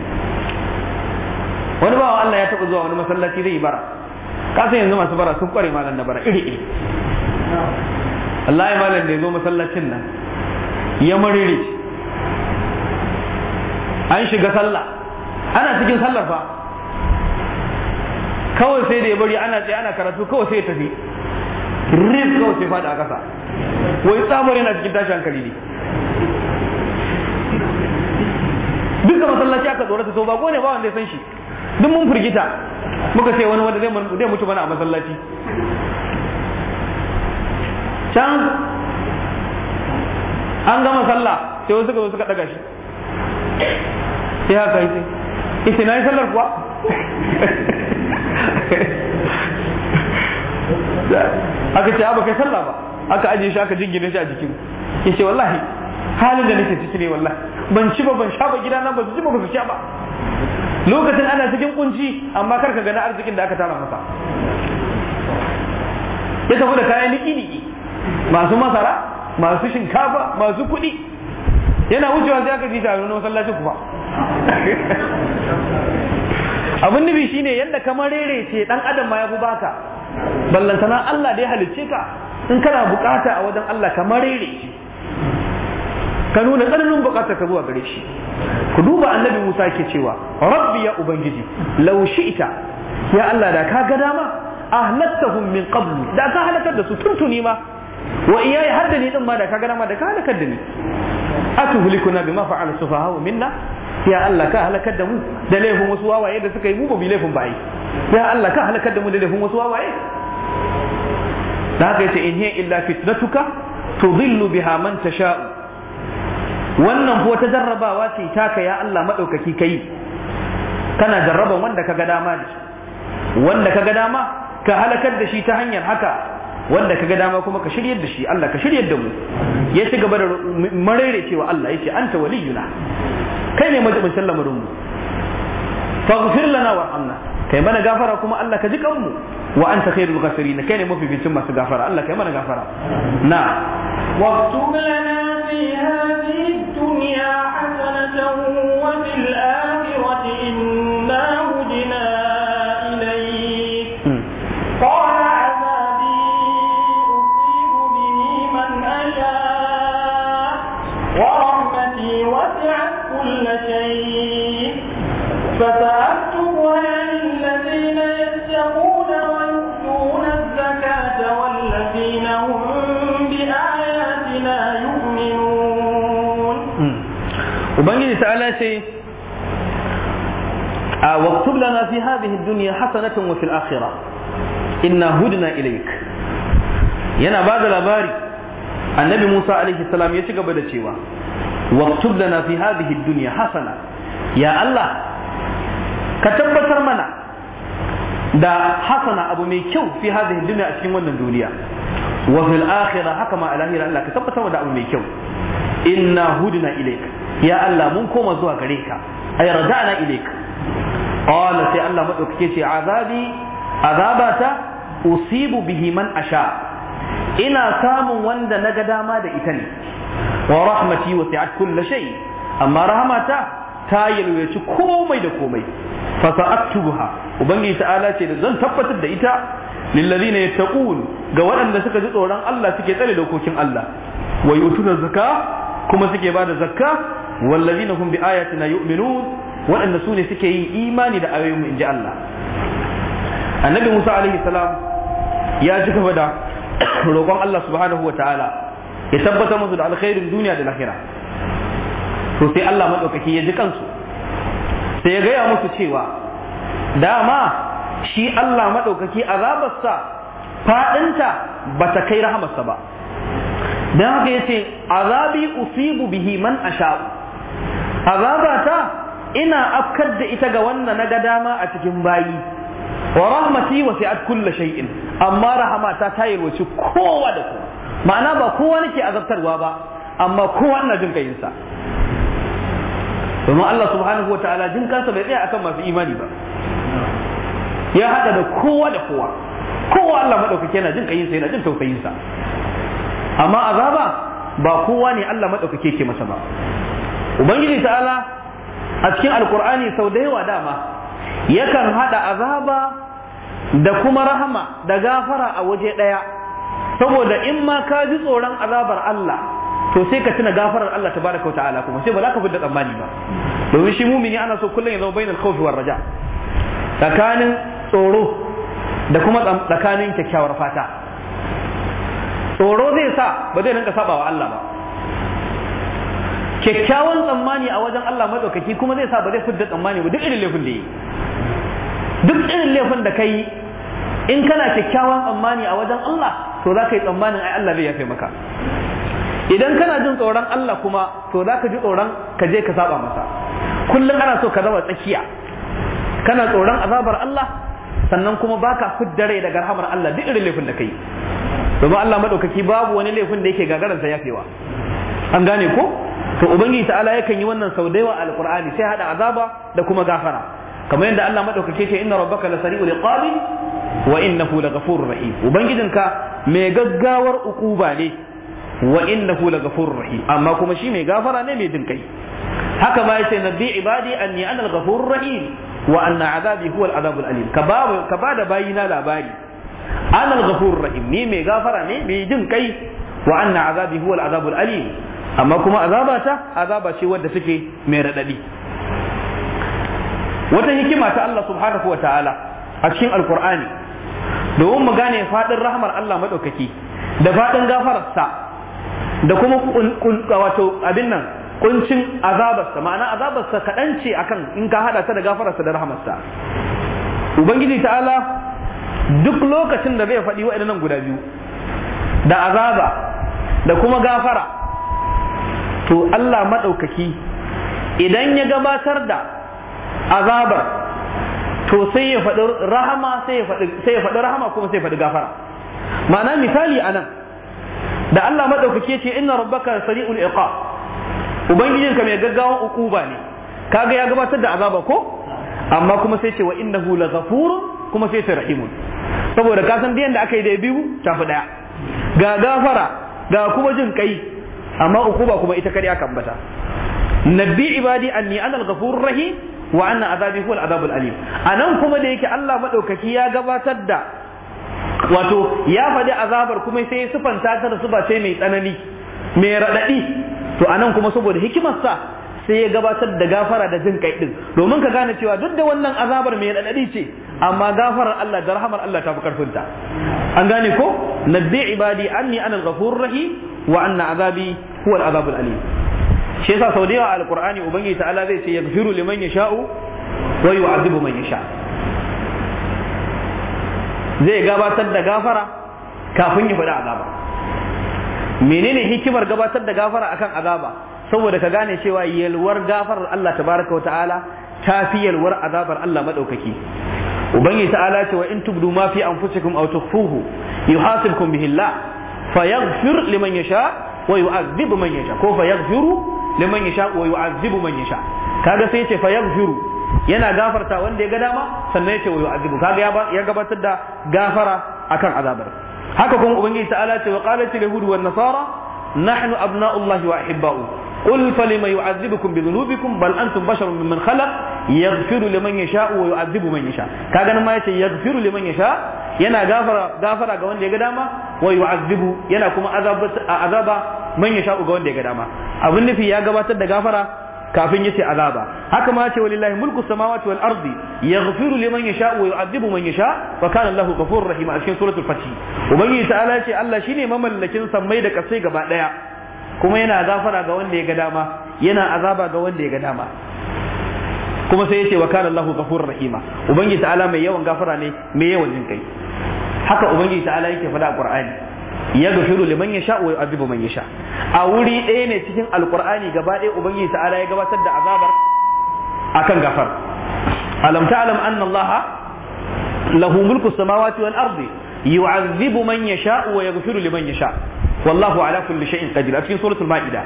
S1: wani bawa Allah ya taɓa zuwa wani masallaci zai yi bara san yanzu masu bara sun kware malam da bara iri iri Allah ya malam da ya zo masallacin nan ya mariri an shiga sallah ana cikin sallar fa kawai sai da ya bari ana tsaye ana karatu kawai sai ya tafi rif kawai sai fada a ƙasa wai tsamar yana cikin tashi hankali ne duka masallaci aka tsorata to bako ne ba wanda ya san shi duk mun firgita muka ce wani wanda zai mutu mana a masallaci can an gama sallah sai wasu suka zo suka daga shi sai haka yi sai ita na yi sallar kuwa aka ce ba kai sallah ba aka aje shi aka jingine shi a jikin ya ce wallahi halin da nake ciki ne wallahi ban ci ba ban sha ba nan ba su ci ba ku sha ba lokacin ana cikin kunci amma kar ka gani arzikin da aka tara masa ya tafi da kayan niki-niki masu masara masu shinkafa masu kuɗi yana wucewa sai aka ji tare na masallacin kuma abin nufi shine yadda kamar rere ce dan adam ma ya fi baka ballantana Allah da ya halicce ka in kana bukata a wajen Allah ka marere ka nuna tsananin bukatar ka zuwa gare shi ku duba annabi Musa ke cewa rabbi ya ubangiji law shi'ta ya Allah da ka ga dama ahlattahum min qablu da ka halakar da su tuntuni ma wa iyaye har da ni din ma da ka ga dama da ka halakar da ni atuhlikuna bima fa'ala sufaha minna ya Allah ka halakar da mu da laifin wasu wawaye da suka yi mu ba bi laifin bayi? ya Allah ka halakar da mu da laifin wasu wawaye da haka yace in hiya illa fitnatuka tudhillu biha man tasha wannan ko ta jarrabawa ce taka ya Allah madaukaki kai kana jarraba wanda ka ga dama da wanda ka ga dama ka halakar da shi ta hanyar haka wanda ka ga dama kuma ka shiryar da shi Allah ka shiryar da mu ya ci gaba da marere cewa Allah yace anta waliyuna kai ne majibincin lamarinmu faghfir lana warhamna kai mana gafara kuma Allah ka ji kanmu wa anta khairul ghafirin kai ne mafificin masu gafara Allah kai mana gafara na fi hadhihi dunya hasanatan wa fil akhirah inna hudna ilayk yana bada labari annabi Musa alaihi salam ya ci gaba da cewa waktub lana fi hadhihi dunya hasana ya Allah ka tabbatar mana da hasana abu mai kyau fi hadhihi dunya a cikin wannan duniya wa fil akhirah haka ma alahira Allah ka tabbatar da abu mai kyau inna hudna ya Allah mun koma zuwa gare ka ay qala sai Allah madaukake ce azabi azabata usibu bihi man asha ina samun wanda na ga dama da ita ne wa rahmati wasi'at kulli shay amma rahmata ta yalwaci komai da komai fa sa'aktuha ubangiji ta'ala ce da zan tabbatar da ita lillazina yattaqun ga waɗanda suka ji tsoron Allah suke tsare dokokin Allah wa yutuna zakka kuma suke bada zakka wallazina hum bi ayatina yu'minun waɗanda su ne suke yi imani da ayoyinmu in ji Allah annabi Musa alaihi salam ya ci gaba da roƙon Allah subhanahu wa ta'ala ya tabbatar musu da alkhairin duniya da lahira to sai Allah maɗaukaki ya ji kansu sai ya gaya musu cewa dama shi Allah maɗaukaki azabarsa faɗinta ba ta kai rahamarsa ba don haka ya ce azabi usibu bihi man asha'u azabata ina afkar da ita ga wannan na ga dama a cikin bayi wa rahmati wa fi'at kulli shay'in amma rahama ta yalwaci kowa da kowa ma'ana ba kowa nake azabtarwa ba amma kowa ina jin kayinsa domin Allah subhanahu wataala jin kansa bai tsaya akan masu imani ba ya hada da kowa da kowa kowa Allah madaukake yana jin kayinsa yana jin sa. amma azaba ba kowa ne Allah madaukake ke masa ba ubangiji ta'ala a cikin alkur'ani sau da yawa dama
S2: yakan haɗa
S1: azaba da kuma rahama da gafara a waje ɗaya saboda in ma ka ji tsoron azabar Allah to sai ka tuna gafarar Allah tabaraka kauta ta'ala kuma sai ba za ka fidda tsammani ba domin shi mumini ana so kullum ya zama bainal khawfi war raja tsakanin tsoro da kuma tsakanin kyakkyawar fata tsoro zai sa ba zai rinka saba wa Allah ba kyakkyawan tsammani a wajen Allah maɗaukaki kuma zai sa ba zai fidda tsammani ba duk irin laifin da yi duk irin laifin da kai in kana kyakkyawan tsammani a wajen Allah to za ka yi tsammanin ai Allah zai yafe maka idan kana jin tsoron Allah kuma to za ka ji tsoron ka je ka saba masa kullum ana so ka zama tsakiya kana tsoron azabar Allah sannan kuma baka fuddare daga rahamar Allah duk irin laifin da kai domin Allah madaukaki babu wani laifin da yake gagaransa yafewa an gane ko to ubangiji ta'ala yakan yi wannan sau da yawa a alqur'ani sai hada azaba da kuma gafara kamar yadda Allah madaukake ce inna rabbaka lasari'ul iqabi wa innahu laghafurur rahim ubangijinka mai gaggawar ukuba ne wa innahu laghafurur rahim amma kuma shi mai gafara ne mai dinkai haka ma yace nabbi ibadi anni ana al-ghafurur rahim wa anna azabi huwa al-azabul alim ka ba ka ba da bayina labari ana al-ghafurur rahim ni mai gafara ne mai jin kai wa anna azabi huwa al-azabul alim amma kuma azaba ta azaba ce wadda take mai radadi wata hikima ta Allah subhanahu Ta'ala a cikin alkur'ani domin mu gane faɗin rahmar Allah maɗaukaki, da faɗin gafararsa da kuma wato abin nan kuncin azabarsa ma'ana azabarsa kaɗan ce akan in ka haɗa ta da gafararsa da rahamarsa ubangiji ta'ala duk lokacin da zai faɗi waɗannan guda biyu da azaba da kuma gafara to Allah maɗaukaki idan ya gabatar da azabar to sai ya faɗi rahama sai ya faɗi rahama kuma sai ya faɗi gafara ma'ana misali anan da Allah maɗaukaki ya ce inna rabbaka sari'ul ubangijin ubangijinka mai gaggawa ukuba ne kaga ya gabatar da azaba ko amma kuma sai ce wa innahu laghafurun kuma sai ta rahimun saboda ka san biyan da aka yi da biyu tafi daya ga gafara ga kuma jin kai amma uku ba kuma ita kare aka ambata nabi ibadi anni ana al ghafur rahim wa anna azabi huwa al al alim anan kuma da yake Allah madaukaki ya gabatar da wato ya faɗi azabar kuma sai ya sufanta ta da ba sai mai tsanani mai raɗaɗi to anan kuma saboda hikimarsa sai ya gabatar da gafara da jin kai din domin ka gane cewa duk da wannan azabar mai raɗaɗi ce amma gafarar Allah da rahamar Allah ta fi karfinta an gane ko nabi ibadi anni ana al ghafur rahim wa anna azabi huwa al-azabul alim shi yasa sau da yawa alqur'ani ubangiji ta'ala zai ce yaghfiru liman yasha'u wa yu'adhibu man yasha zai gabatar da gafara kafin ya faɗi azaba menene hikimar gabatar da gafara akan azaba saboda ka gane cewa yalwar gafarar Allah tabaraka wa ta'ala ta fi yalwar azabar Allah madaukaki ubangiji ta'ala ce wa in tubdu ma fi anfusikum aw tukhfuhu yuhasibkum bihi Allah fayaghfir liman yasha wa yu'adhibu man yasha ko fayaghfiru liman yasha wa yu'adhibu man yasha kaga sai yace fayaghfiru yana gafarta wanda ya ga dama sannan yace wa yu'adhibu kaga ya gabatar da gafara akan azabar haka kuma ubangiji ta'ala ce wa qalat al-yahud wa nasara nahnu abna'ullahi wa ahibba'u قل فلما يعذبكم بذنوبكم بل انتم بشر ممن خلق يغفر لمن يشاء ويعذب من يشاء كاغا ما يتي يغفر لمن يشاء yana gafara gafara ga wanda ya ga dama wa yu'azzibu yana kuma azaba man yasha ga wanda ya ga dama abin nufi ya gabatar da gafara kafin yace azaba haka ma ce walillahi mulku samawati wal ardi yaghfiru liman yasha wa yu'adhibu man yasha wa kana Allahu ghafurur rahim a cikin suratul fatih ubangiji ta'ala ce Allah shine mamallakin sammai da kasai gaba daya kuma yana gafara ga wanda ya ga dama yana azaba ga wanda ya ga dama kuma sai yace wa kana Allahu ghafurur rahima ubangiji ta'ala mai yawan gafara ne mai yawan jin kai haka ubangiji ta'ala yake faɗa a Qur'ani ya gafiru liman yasha wa yu'adhibu man yasha a wuri ɗaya ne cikin alqur'ani gaba ɗaya ubangiji ta'ala ya gabatar da azabar akan gafar alam ta'lam anna allaha lahu mulku samawati wal ardi yu'adhibu man yasha wa yaghfiru liman yasha wallahu ala kulli shay'in qadir a cikin suratul ma'ida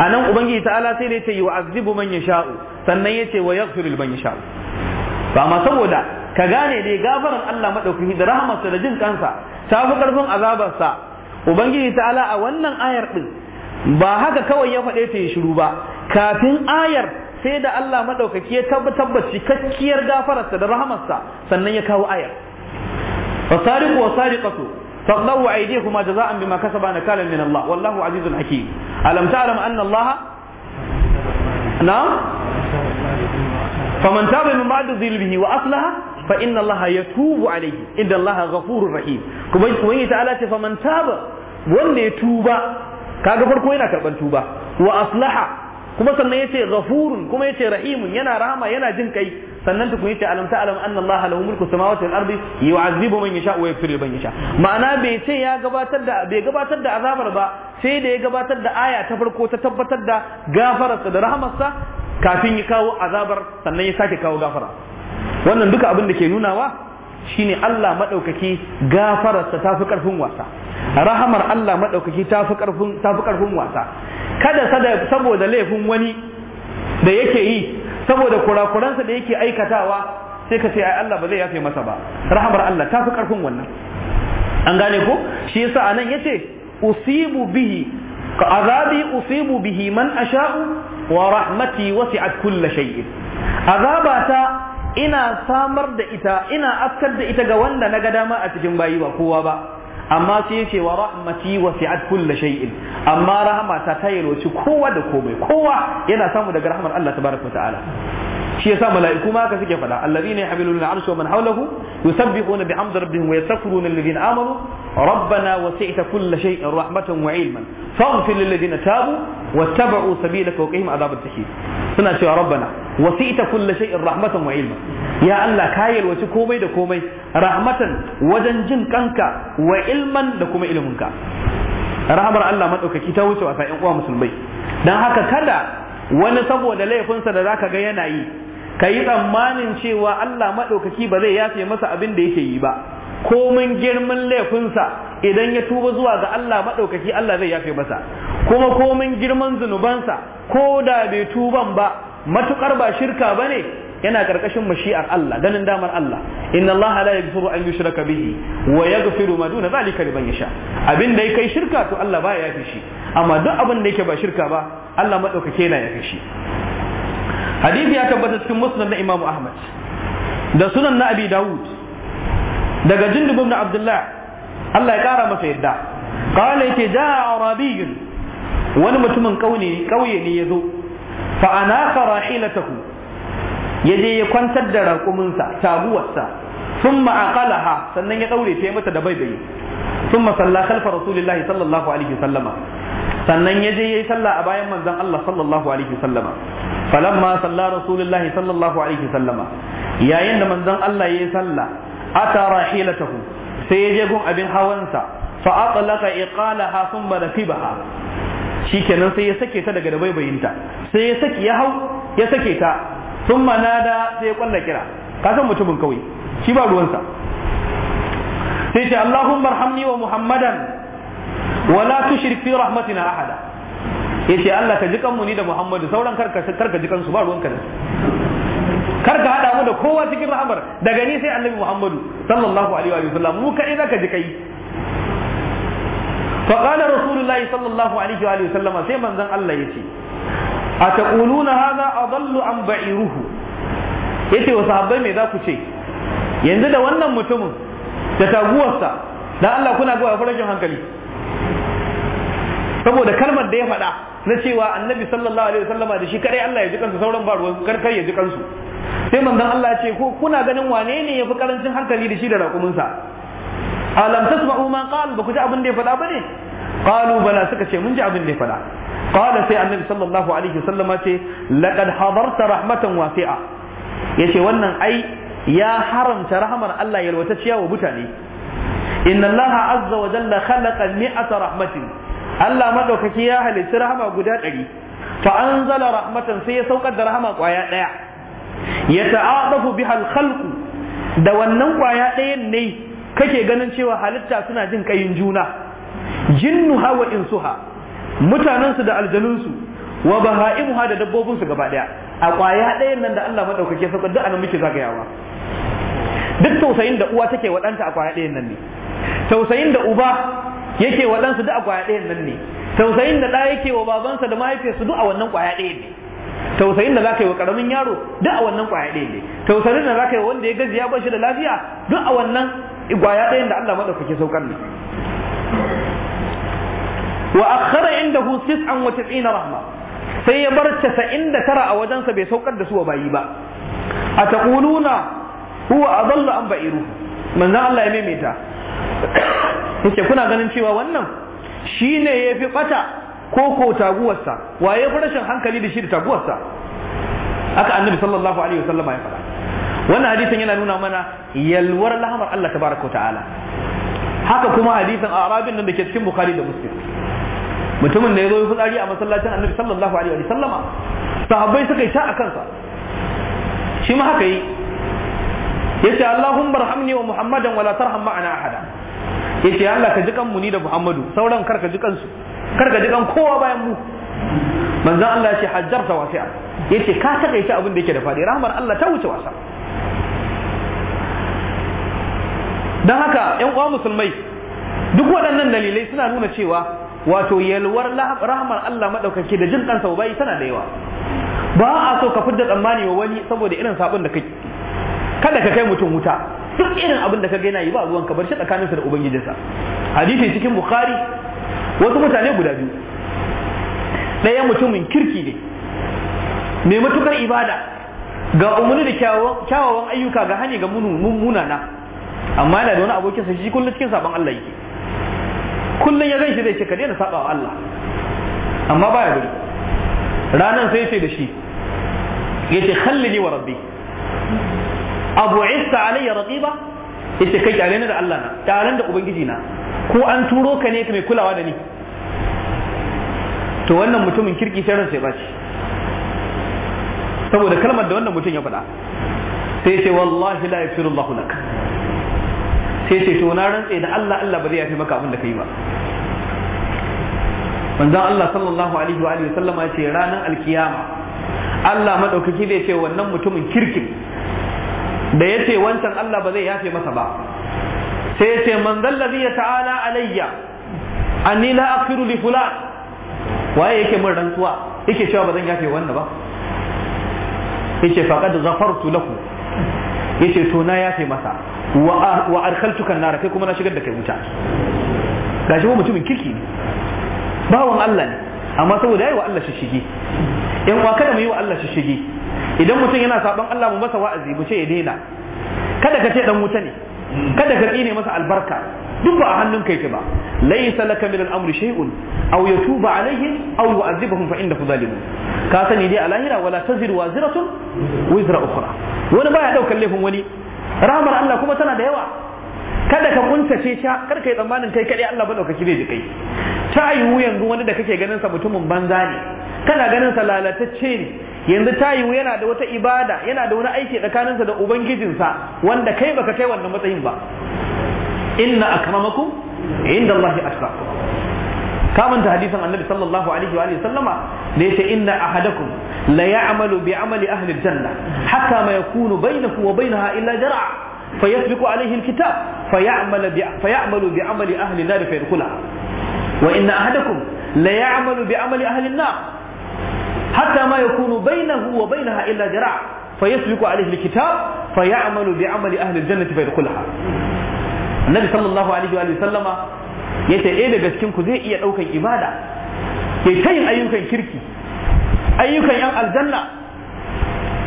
S1: anan ubangiji ta'ala sai da yace yu'azzibu man yasha'u sannan yace wa yaghfiru liman yasha'u ba ma saboda ka gane dai gafaran Allah madaukaki da rahamarsa da jin kansa ta fi karfin azabarsa ubangiji ta'ala a wannan ayar din ba haka kawai ya faɗe ta yi shiru ba kafin ayar sai da Allah maɗaukaki ya tabbatar cikakkiyar gafararsa da rahamarsa sannan ya kawo ayar fasariku wa تقطعوا أيديكما جزاء بما كسب نكالا من الله والله عزيز حكيم ألم تعلم أن الله نعم فمن تاب من بعد ظلمه وأصلح فإن الله يتوب عليه إن الله غفور رحيم كما تعالى فمن تاب وأن يتوب كاغفر كوينة كربان توبة وأصلح kuma sannan ce ghafurun kuma ya ce rahimun yana rahama yana jin kai sannan tukun yace alam ta'lam anna allaha lahu mulku samawati wal ardi yu'azzibu man yasha wa yaghfiru liman yasha ma'ana bai ce ya gabatar da bai gabatar da azabar ba sai da ya gabatar da aya ta farko ta tabbatar da gafararsa da rahamarsa kafin ya kawo azabar sannan ya sake kawo gafara wannan duka abin da ke nunawa shine Allah maɗaukaki gafararsa ta fi karfin wasa rahamar Allah maɗaukaki ta fi karfin wasa kada sada saboda laifin wani da yake yi saboda kurakuransa da yake aikatawa sai ka ce ai Allah ba zai yafe masa ba rahamar Allah ta fi karfin wannan an gane ko shi yasa anan yace usibu bihi ka azabi usibu bihi man asha'u wa rahmati wasi'at kull shay'in ta ina samar da ita ina askar da ita ga wanda na ga dama a cikin bayi ba kowa ba amma sai yace wa rahmati wasi'at kulli shay'in amma Rahama ta yalwaci kowa da komai kowa yana samu daga rahmar Allah tabaraka ta'ala shi yasa mala'iku ma haka suke fada allazina yahmiluna al'arsh wa man hawlahu yusabbihuna bihamdi rabbihim wa yastaghfiruna lil amanu rabbana wasi'ta kull shay'in rahmatan wa 'ilman faghfir lil ladzina tabu wattaba'u sabilaka wa qihim adhab al jahim suna cewa rabbana wasi'ta kull shay'in rahmatan wa 'ilman ya allah kayal wace komai da komai rahmatan wajen jin kanka wa 'ilman da kuma ilminka rahmar allah madaukaki ta wuce wasa 'Yan uwa musulmai dan haka kada wani saboda laifinsa da zaka ga yana yi ka yi tsammanin cewa Allah maɗaukaki ba zai yafe masa abin da yake yi ba komin girman laifinsa idan ya tuba zuwa ga Allah maɗaukaki Allah zai yafe masa kuma komin girman zunubansa ko da bai tuban ba matukar ba shirka ba ne yana ƙarƙashin mashi'ar Allah ganin damar Allah inna Allah la yaghfiru an yushraka bihi wa yaghfiru ma duna zalika liman yasha abin da kai shirka to Allah baya yafi shi amma duk abin da yake ba shirka ba Allah maɗaukaki yana yafi shi hadisi ya tabbata cikin musnad na imamu ahmad da sunan na abi dawud daga jindub ibn abdullah Allah ya kara masa yadda qala yake jaa arabiyyun wani mutumin kauye kauye ne yazo fa anaka rahilatahu yaje ya kwantar da raƙuminsa taguwarsa thumma aqalaha sannan ya daure ta mata da baibaye thumma salla khalfa rasulillahi sallallahu alaihi wasallama sannan yaje yayi sallah a bayan manzon Allah sallallahu alaihi wasallama falamma salla rasulullahi sallallahu alaihi sallama yayin da manzon Allah ya sallah ata tafu sai ya je gun abin hawansa fa atlaqa iqalaha thumma rakibaha shikenan sai ya sake ta daga dabaibayinta sai ya ya hau ya sake ta thumma nada sai ya kwalla kira ka mutumin kawai shi ba ruwansa sai ce Allahumma arhamni wa Muhammadan wa la tushrik fi rahmatina ahada yace Allah ka ji kanmu ni da Muhammadu sauran karka karka ji kansu ba ruwanka da karka haɗa mu da kowa cikin rahamar daga ni sai Annabi Muhammadu sallallahu alaihi wa sallam mu kai zaka ji kai fa qala rasulullahi sallallahu alaihi wa sallam sai manzon Allah ya yace ataquluna hadha adallu an ba'iruhu yace wa sahabbai me za ku ce yanzu da wannan mutumin da taguwarsa dan Allah kuna ga farajin hankali saboda kalmar da ya faɗa na cewa annabi sallallahu alaihi wasallama da shi kadai Allah ya ji kansa sauran ba ruwan karkar ya ji kansu sai manzon Allah ce ko kuna ganin wane ne ya fi karancin hankali da shi da raƙuminsa alam tasma'u ma qalu ba ku ji abin da ya faɗa bane qalu bala suka ce mun ji abin da ya faɗa qala sai annabi sallallahu alaihi wasallama ce laqad hadarta rahmatan wasi'a yace wannan ai ya haramta rahmar Allah yalwatacciya wa mutane inna Allah azza wa jalla khalaqa mi'ata rahmatin Allah maɗaukaki ya halicci rahama guda ɗari fa anzala rahmatan sai ya saukar da rahama kwaya ɗaya
S2: ya ta'adafu
S1: biha al da wannan kwaya ɗayan ne kake ganin cewa halitta suna jin ƙayin juna jinnuha wa insuha mutanensu da aljanunsu wa muha da dabbobinsu gaba ɗaya a ƙwaya ɗayan nan da Allah maɗaukaki ya saukar da anan muke zagayawa duk tausayin da uwa take ɗanta a kwaya ɗayan nan ne tausayin da uba yake wa ɗansu duk a kwaya ɗayan nan ne tausayin da ɗa yake wa babansa da mahaifiyarsu duk a wannan kwaya ɗayan ne tausayin da zaka yi wa ƙaramin yaro duk a wannan kwaya ɗayan ne tausayin da zaka yi wanda ya gaji ya bar shi da lafiya duk a wannan kwaya ɗayan da Allah madaukake saukan ne wa akhara indahu sis'an wa tis'ina rahma sai ya bar 99 a wajensa bai saukar da su wa bayi ba a taquluna huwa adalla an ba'iru manzon Allah ya maimaita yake kuna ganin cewa wannan shine yafi ɓata ko ko taguwarsa waye fi rashin hankali da shi da taguwarsa aka annabi sallallahu alaihi wasallam ya faɗa wannan hadisin yana nuna mana yalwar lahamar Allah tabaraka ta'ala haka kuma hadisin arabin nan da ke cikin bukhari da muslim mutumin da ya zo ya fitsari a masallacin annabi sallallahu alaihi wasallama sahabbai suka yi ta a kansa shi ma haka yi yace Allahumma arhamni wa Muhammadan wala tarham ma'ana ahada yace Allah ka ji kan mu ni da Muhammadu sauran kar ka ji kansu kar ka ji kan kowa bayan mu manzon Allah yace hajjarta wasi'a yace ka takaita abin da yake da fadi rahmar Allah ta wuce wasa dan haka ƴan uwa musulmai duk waɗannan dalilai suna nuna cewa wato yalwar rahmar Allah madaukake da jin kansa bai tana da yawa ba a so ka fidda tsammani wa wani saboda irin sabon da kake kada ka kai mutum wuta duk irin abin da ka gaina yi ba ruwan ka bar shi tsakaninsa da ubangijinsa hadisi cikin bukhari wasu mutane guda biyu ɗaya mutumin kirki ne mai matukar ibada ga umarni da kyawawan ayyuka ga hani ga munana amma yana da wani abokin sa shi kullum cikin saban Allah yake kullum ya zai shi zai ce ka daina saba wa Allah amma baya gari ranan sai ce da shi kalli ne wa rabbi abu isa alayya raqiba yace kai kyale ni da Allah na kyalen da ubangiji na ko an turo ka ne ka mai kulawa da ni to wannan mutumin kirki sai ransa ya baci saboda kalmar da wannan mutum ya faɗa sai ce wallahi la yafirullahu lak sai ce to na rantse da Allah Allah ba zai yafi maka abin da kai ba manzon Allah sallallahu alaihi wa alihi sallama ce ranar alkiyama Allah madaukaki zai ce wannan mutumin kirkin da ya ce wancan Allah ba zai yafe masa ba sai ya ce man zallazi ya ta'ala alayya anni la aghfiru li fulan waye yake min rantsuwa yake cewa ba zan yafe wannan ba yace faqad ghafartu lahu yace to na yafe masa wa arkhaltuka nara kai kuma na shigar da kai wuta gashi ba mutumin kirki ne bawon Allah ne amma saboda yayi wa Allah shishigi in wa kada mu yi wa Allah shishigi idan mutum yana saban Allah mu masa wa'azi mu ce ya daina kada ka ce dan wuta ne kada ka ne masa albarka duk ba a hannun kai ba laysa laka min al-amri shay'un aw yatuba alaihim aw yu'adhibuhum fa innahu zalimun ka sani dai a lahira wala taziru waziratun wizra ukhra wani baya daukan laifin wani rahmar Allah kuma tana da yawa kada ka kuntace ta kar yi tsammanin kai kadai Allah ba daukaki zai ji kai ta yiwu yanzu wani da kake ganin sa mutumin banza ne kana ganin sa lalatacce ne yanzu ta yiwu yana da wata ibada yana da wani aiki tsakaninsa da ubangijinsa wanda kai baka kai wannan matsayin ba inna akramakum inda Allah ya atqakum kamanta hadisan annabi sallallahu alaihi wa sallama da yace inna ahadakum la ya'malu bi amali ahli janna hatta ma yakunu bainahu wa bainaha illa jar'a فيسبق عليه الكتاب فيعمل فيعمل بعمل اهل النار La وان احدكم ليعمل بعمل اهل النار hatta ma yakunu bainahu wa bainaha illa jira' فيسبق عليه الكتاب فيعمل بعمل أهل الجنة فيدخلها النبي صلى الله عليه وآله وسلم yace ɗaya daga cikin ku zai iya ɗaukan ibada ya ta yin ayyukan kirki ayyukan yan aljanna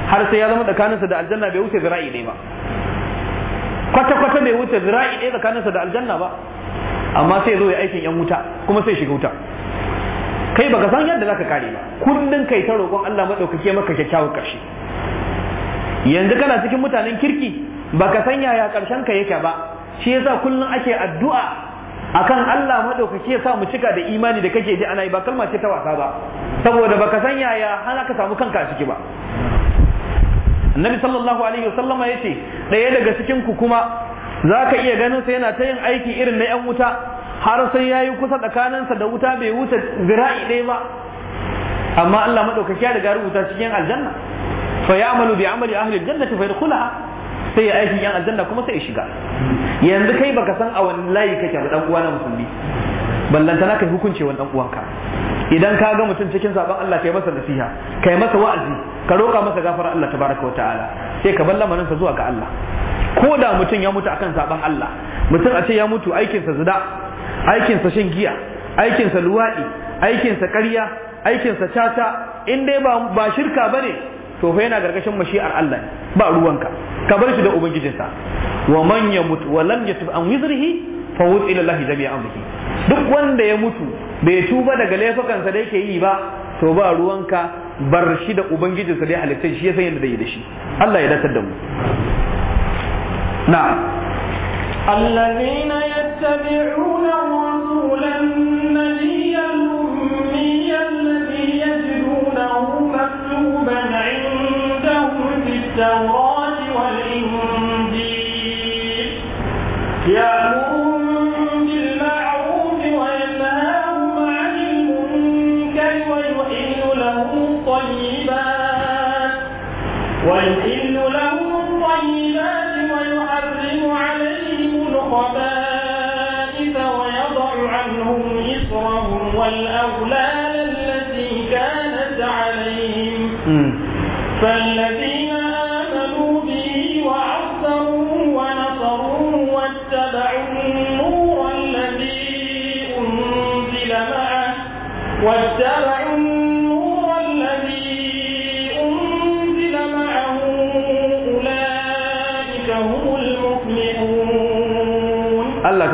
S1: har sai ya zama tsakaninsa da aljanna bai wuce zira'i ɗaya ba kwata kwata bai wuce zira'i ɗaya tsakaninsa da aljanna ba amma sai zo ya aikin yan wuta kuma sai shiga wuta kai baka san yadda zaka kare ba kullun kai ta roƙon Allah madaukake maka kyakkyawar karshe yanzu kana cikin mutanen kirki baka san yaya karshen ka yake ba shi yasa kullun ake addu'a akan Allah madaukake ya sa mu cika da imani da kake ji ana yi ba kalma ce ta wasa ba saboda baka san yaya hana ka samu kanka a ciki ba annabi sallallahu alaihi ya ce ɗaya daga cikin ku kuma zaka iya ganin sa yana ta yin aiki irin na yan wuta har sai ya yi kusa tsakaninsa da wuta bai wuce zira'i ɗaya ba amma Allah maɗaukaki ya riga rubuta cikin aljanna fa ya amalu bi amali ahli aljannati fa yadkhulaha sai ya aiki yan aljanna kuma sai ya shiga yanzu kai baka san a wani layi kake ba dan uwa na musulmi ballanta na kai hukunce wani dan uwanka idan ka ga mutum cikin zaben Allah kai masa nasiha kai masa wa'azi ka roƙa masa gafara Allah tabaraka wataala sai ka bar lamarin sa zuwa ga Allah ko da mutum ya mutu akan zaben Allah mutum a ce ya mutu aikinsa zina aikinsa shan giya aikinsa luwaɗi aikinsa ƙarya aikinsa caca in dai ba shirka ba ne to fa yana gargashin mashi'ar Allah ne ba ruwanka ka bar shi da ubangijinsa wa man yamut wa lam yatub an wizrihi fa wud ila Allah jami'a amrihi duk wanda ya mutu bai tuba daga laifukansa da yake yi ba to ba ruwanka bar shi da ubangijinsa da ya shi ya san yadda da shi Allah ya dasar da mu na'am الذين يتبعون رسول النبي
S2: الأمي الذي يجدونه مكتوبا عندهم في التوراة والإنجيل يأمرهم بالمعروف وينهاهم عن المنكر ويحل لهم الطيبات ويحل عنهم إصرهم والأغلال التي كانت عليهم فالذين آمنوا به وعصروه ونصروا واتبعوا النور الذي أنزل معه واتبعوا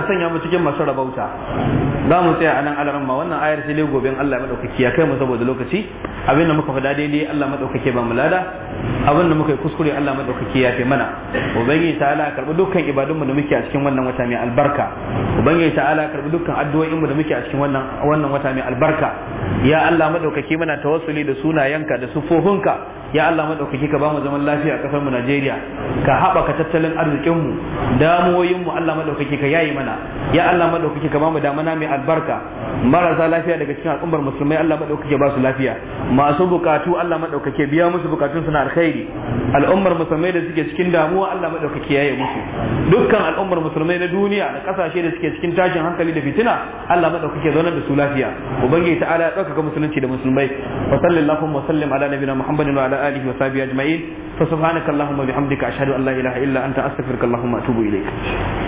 S1: sanya mu cikin masu rabauta za mu tsaya a nan alaran ma wannan ayar sai gobe Allah maɗaukaki ya kai mu saboda lokaci abin da muka faɗa daidai Allah maɗaukaki ba mu lada abin da muka yi kuskure Allah maɗaukaki ya fi mana ubangiji ta'ala karɓi dukkan ibadunmu da muke a cikin wannan wata mai albarka ubangiji ta'ala karɓi dukkan addu'o'inmu da muke a cikin wannan wannan wata mai albarka ya Allah maɗaukaki muna tawassuli da sunayenka da sufofinka ya Allah madaukaki ka bamu zaman lafiya a kasar mu Najeriya ka haɓaka tattalin arzikinmu mu damuwoyin mu Allah madaukaki ka yayi mana ya Allah madaukaki ka bamu damana mai albarka marasa lafiya daga cikin al'ummar musulmai Allah madaukaki ba su lafiya masu bukatu Allah madaukaki biya musu bukatun su na alkhairi al'ummar musulmai da suke cikin damuwa Allah madaukaki yayi musu dukkan al'ummar musulmai na duniya da kasashe da suke cikin tashin hankali da fitina Allah madaukaki zauna da su lafiya ubangiji ta'ala ya dauka musulunci da musulmai wa sallallahu wa sallim ala nabiyina muhammadin wa ala وعلى آله وصحبه أجمعين فسبحانك اللهم وبحمدك أشهد أن لا إله إلا أنت أستغفرك اللهم وأتوب
S3: إليك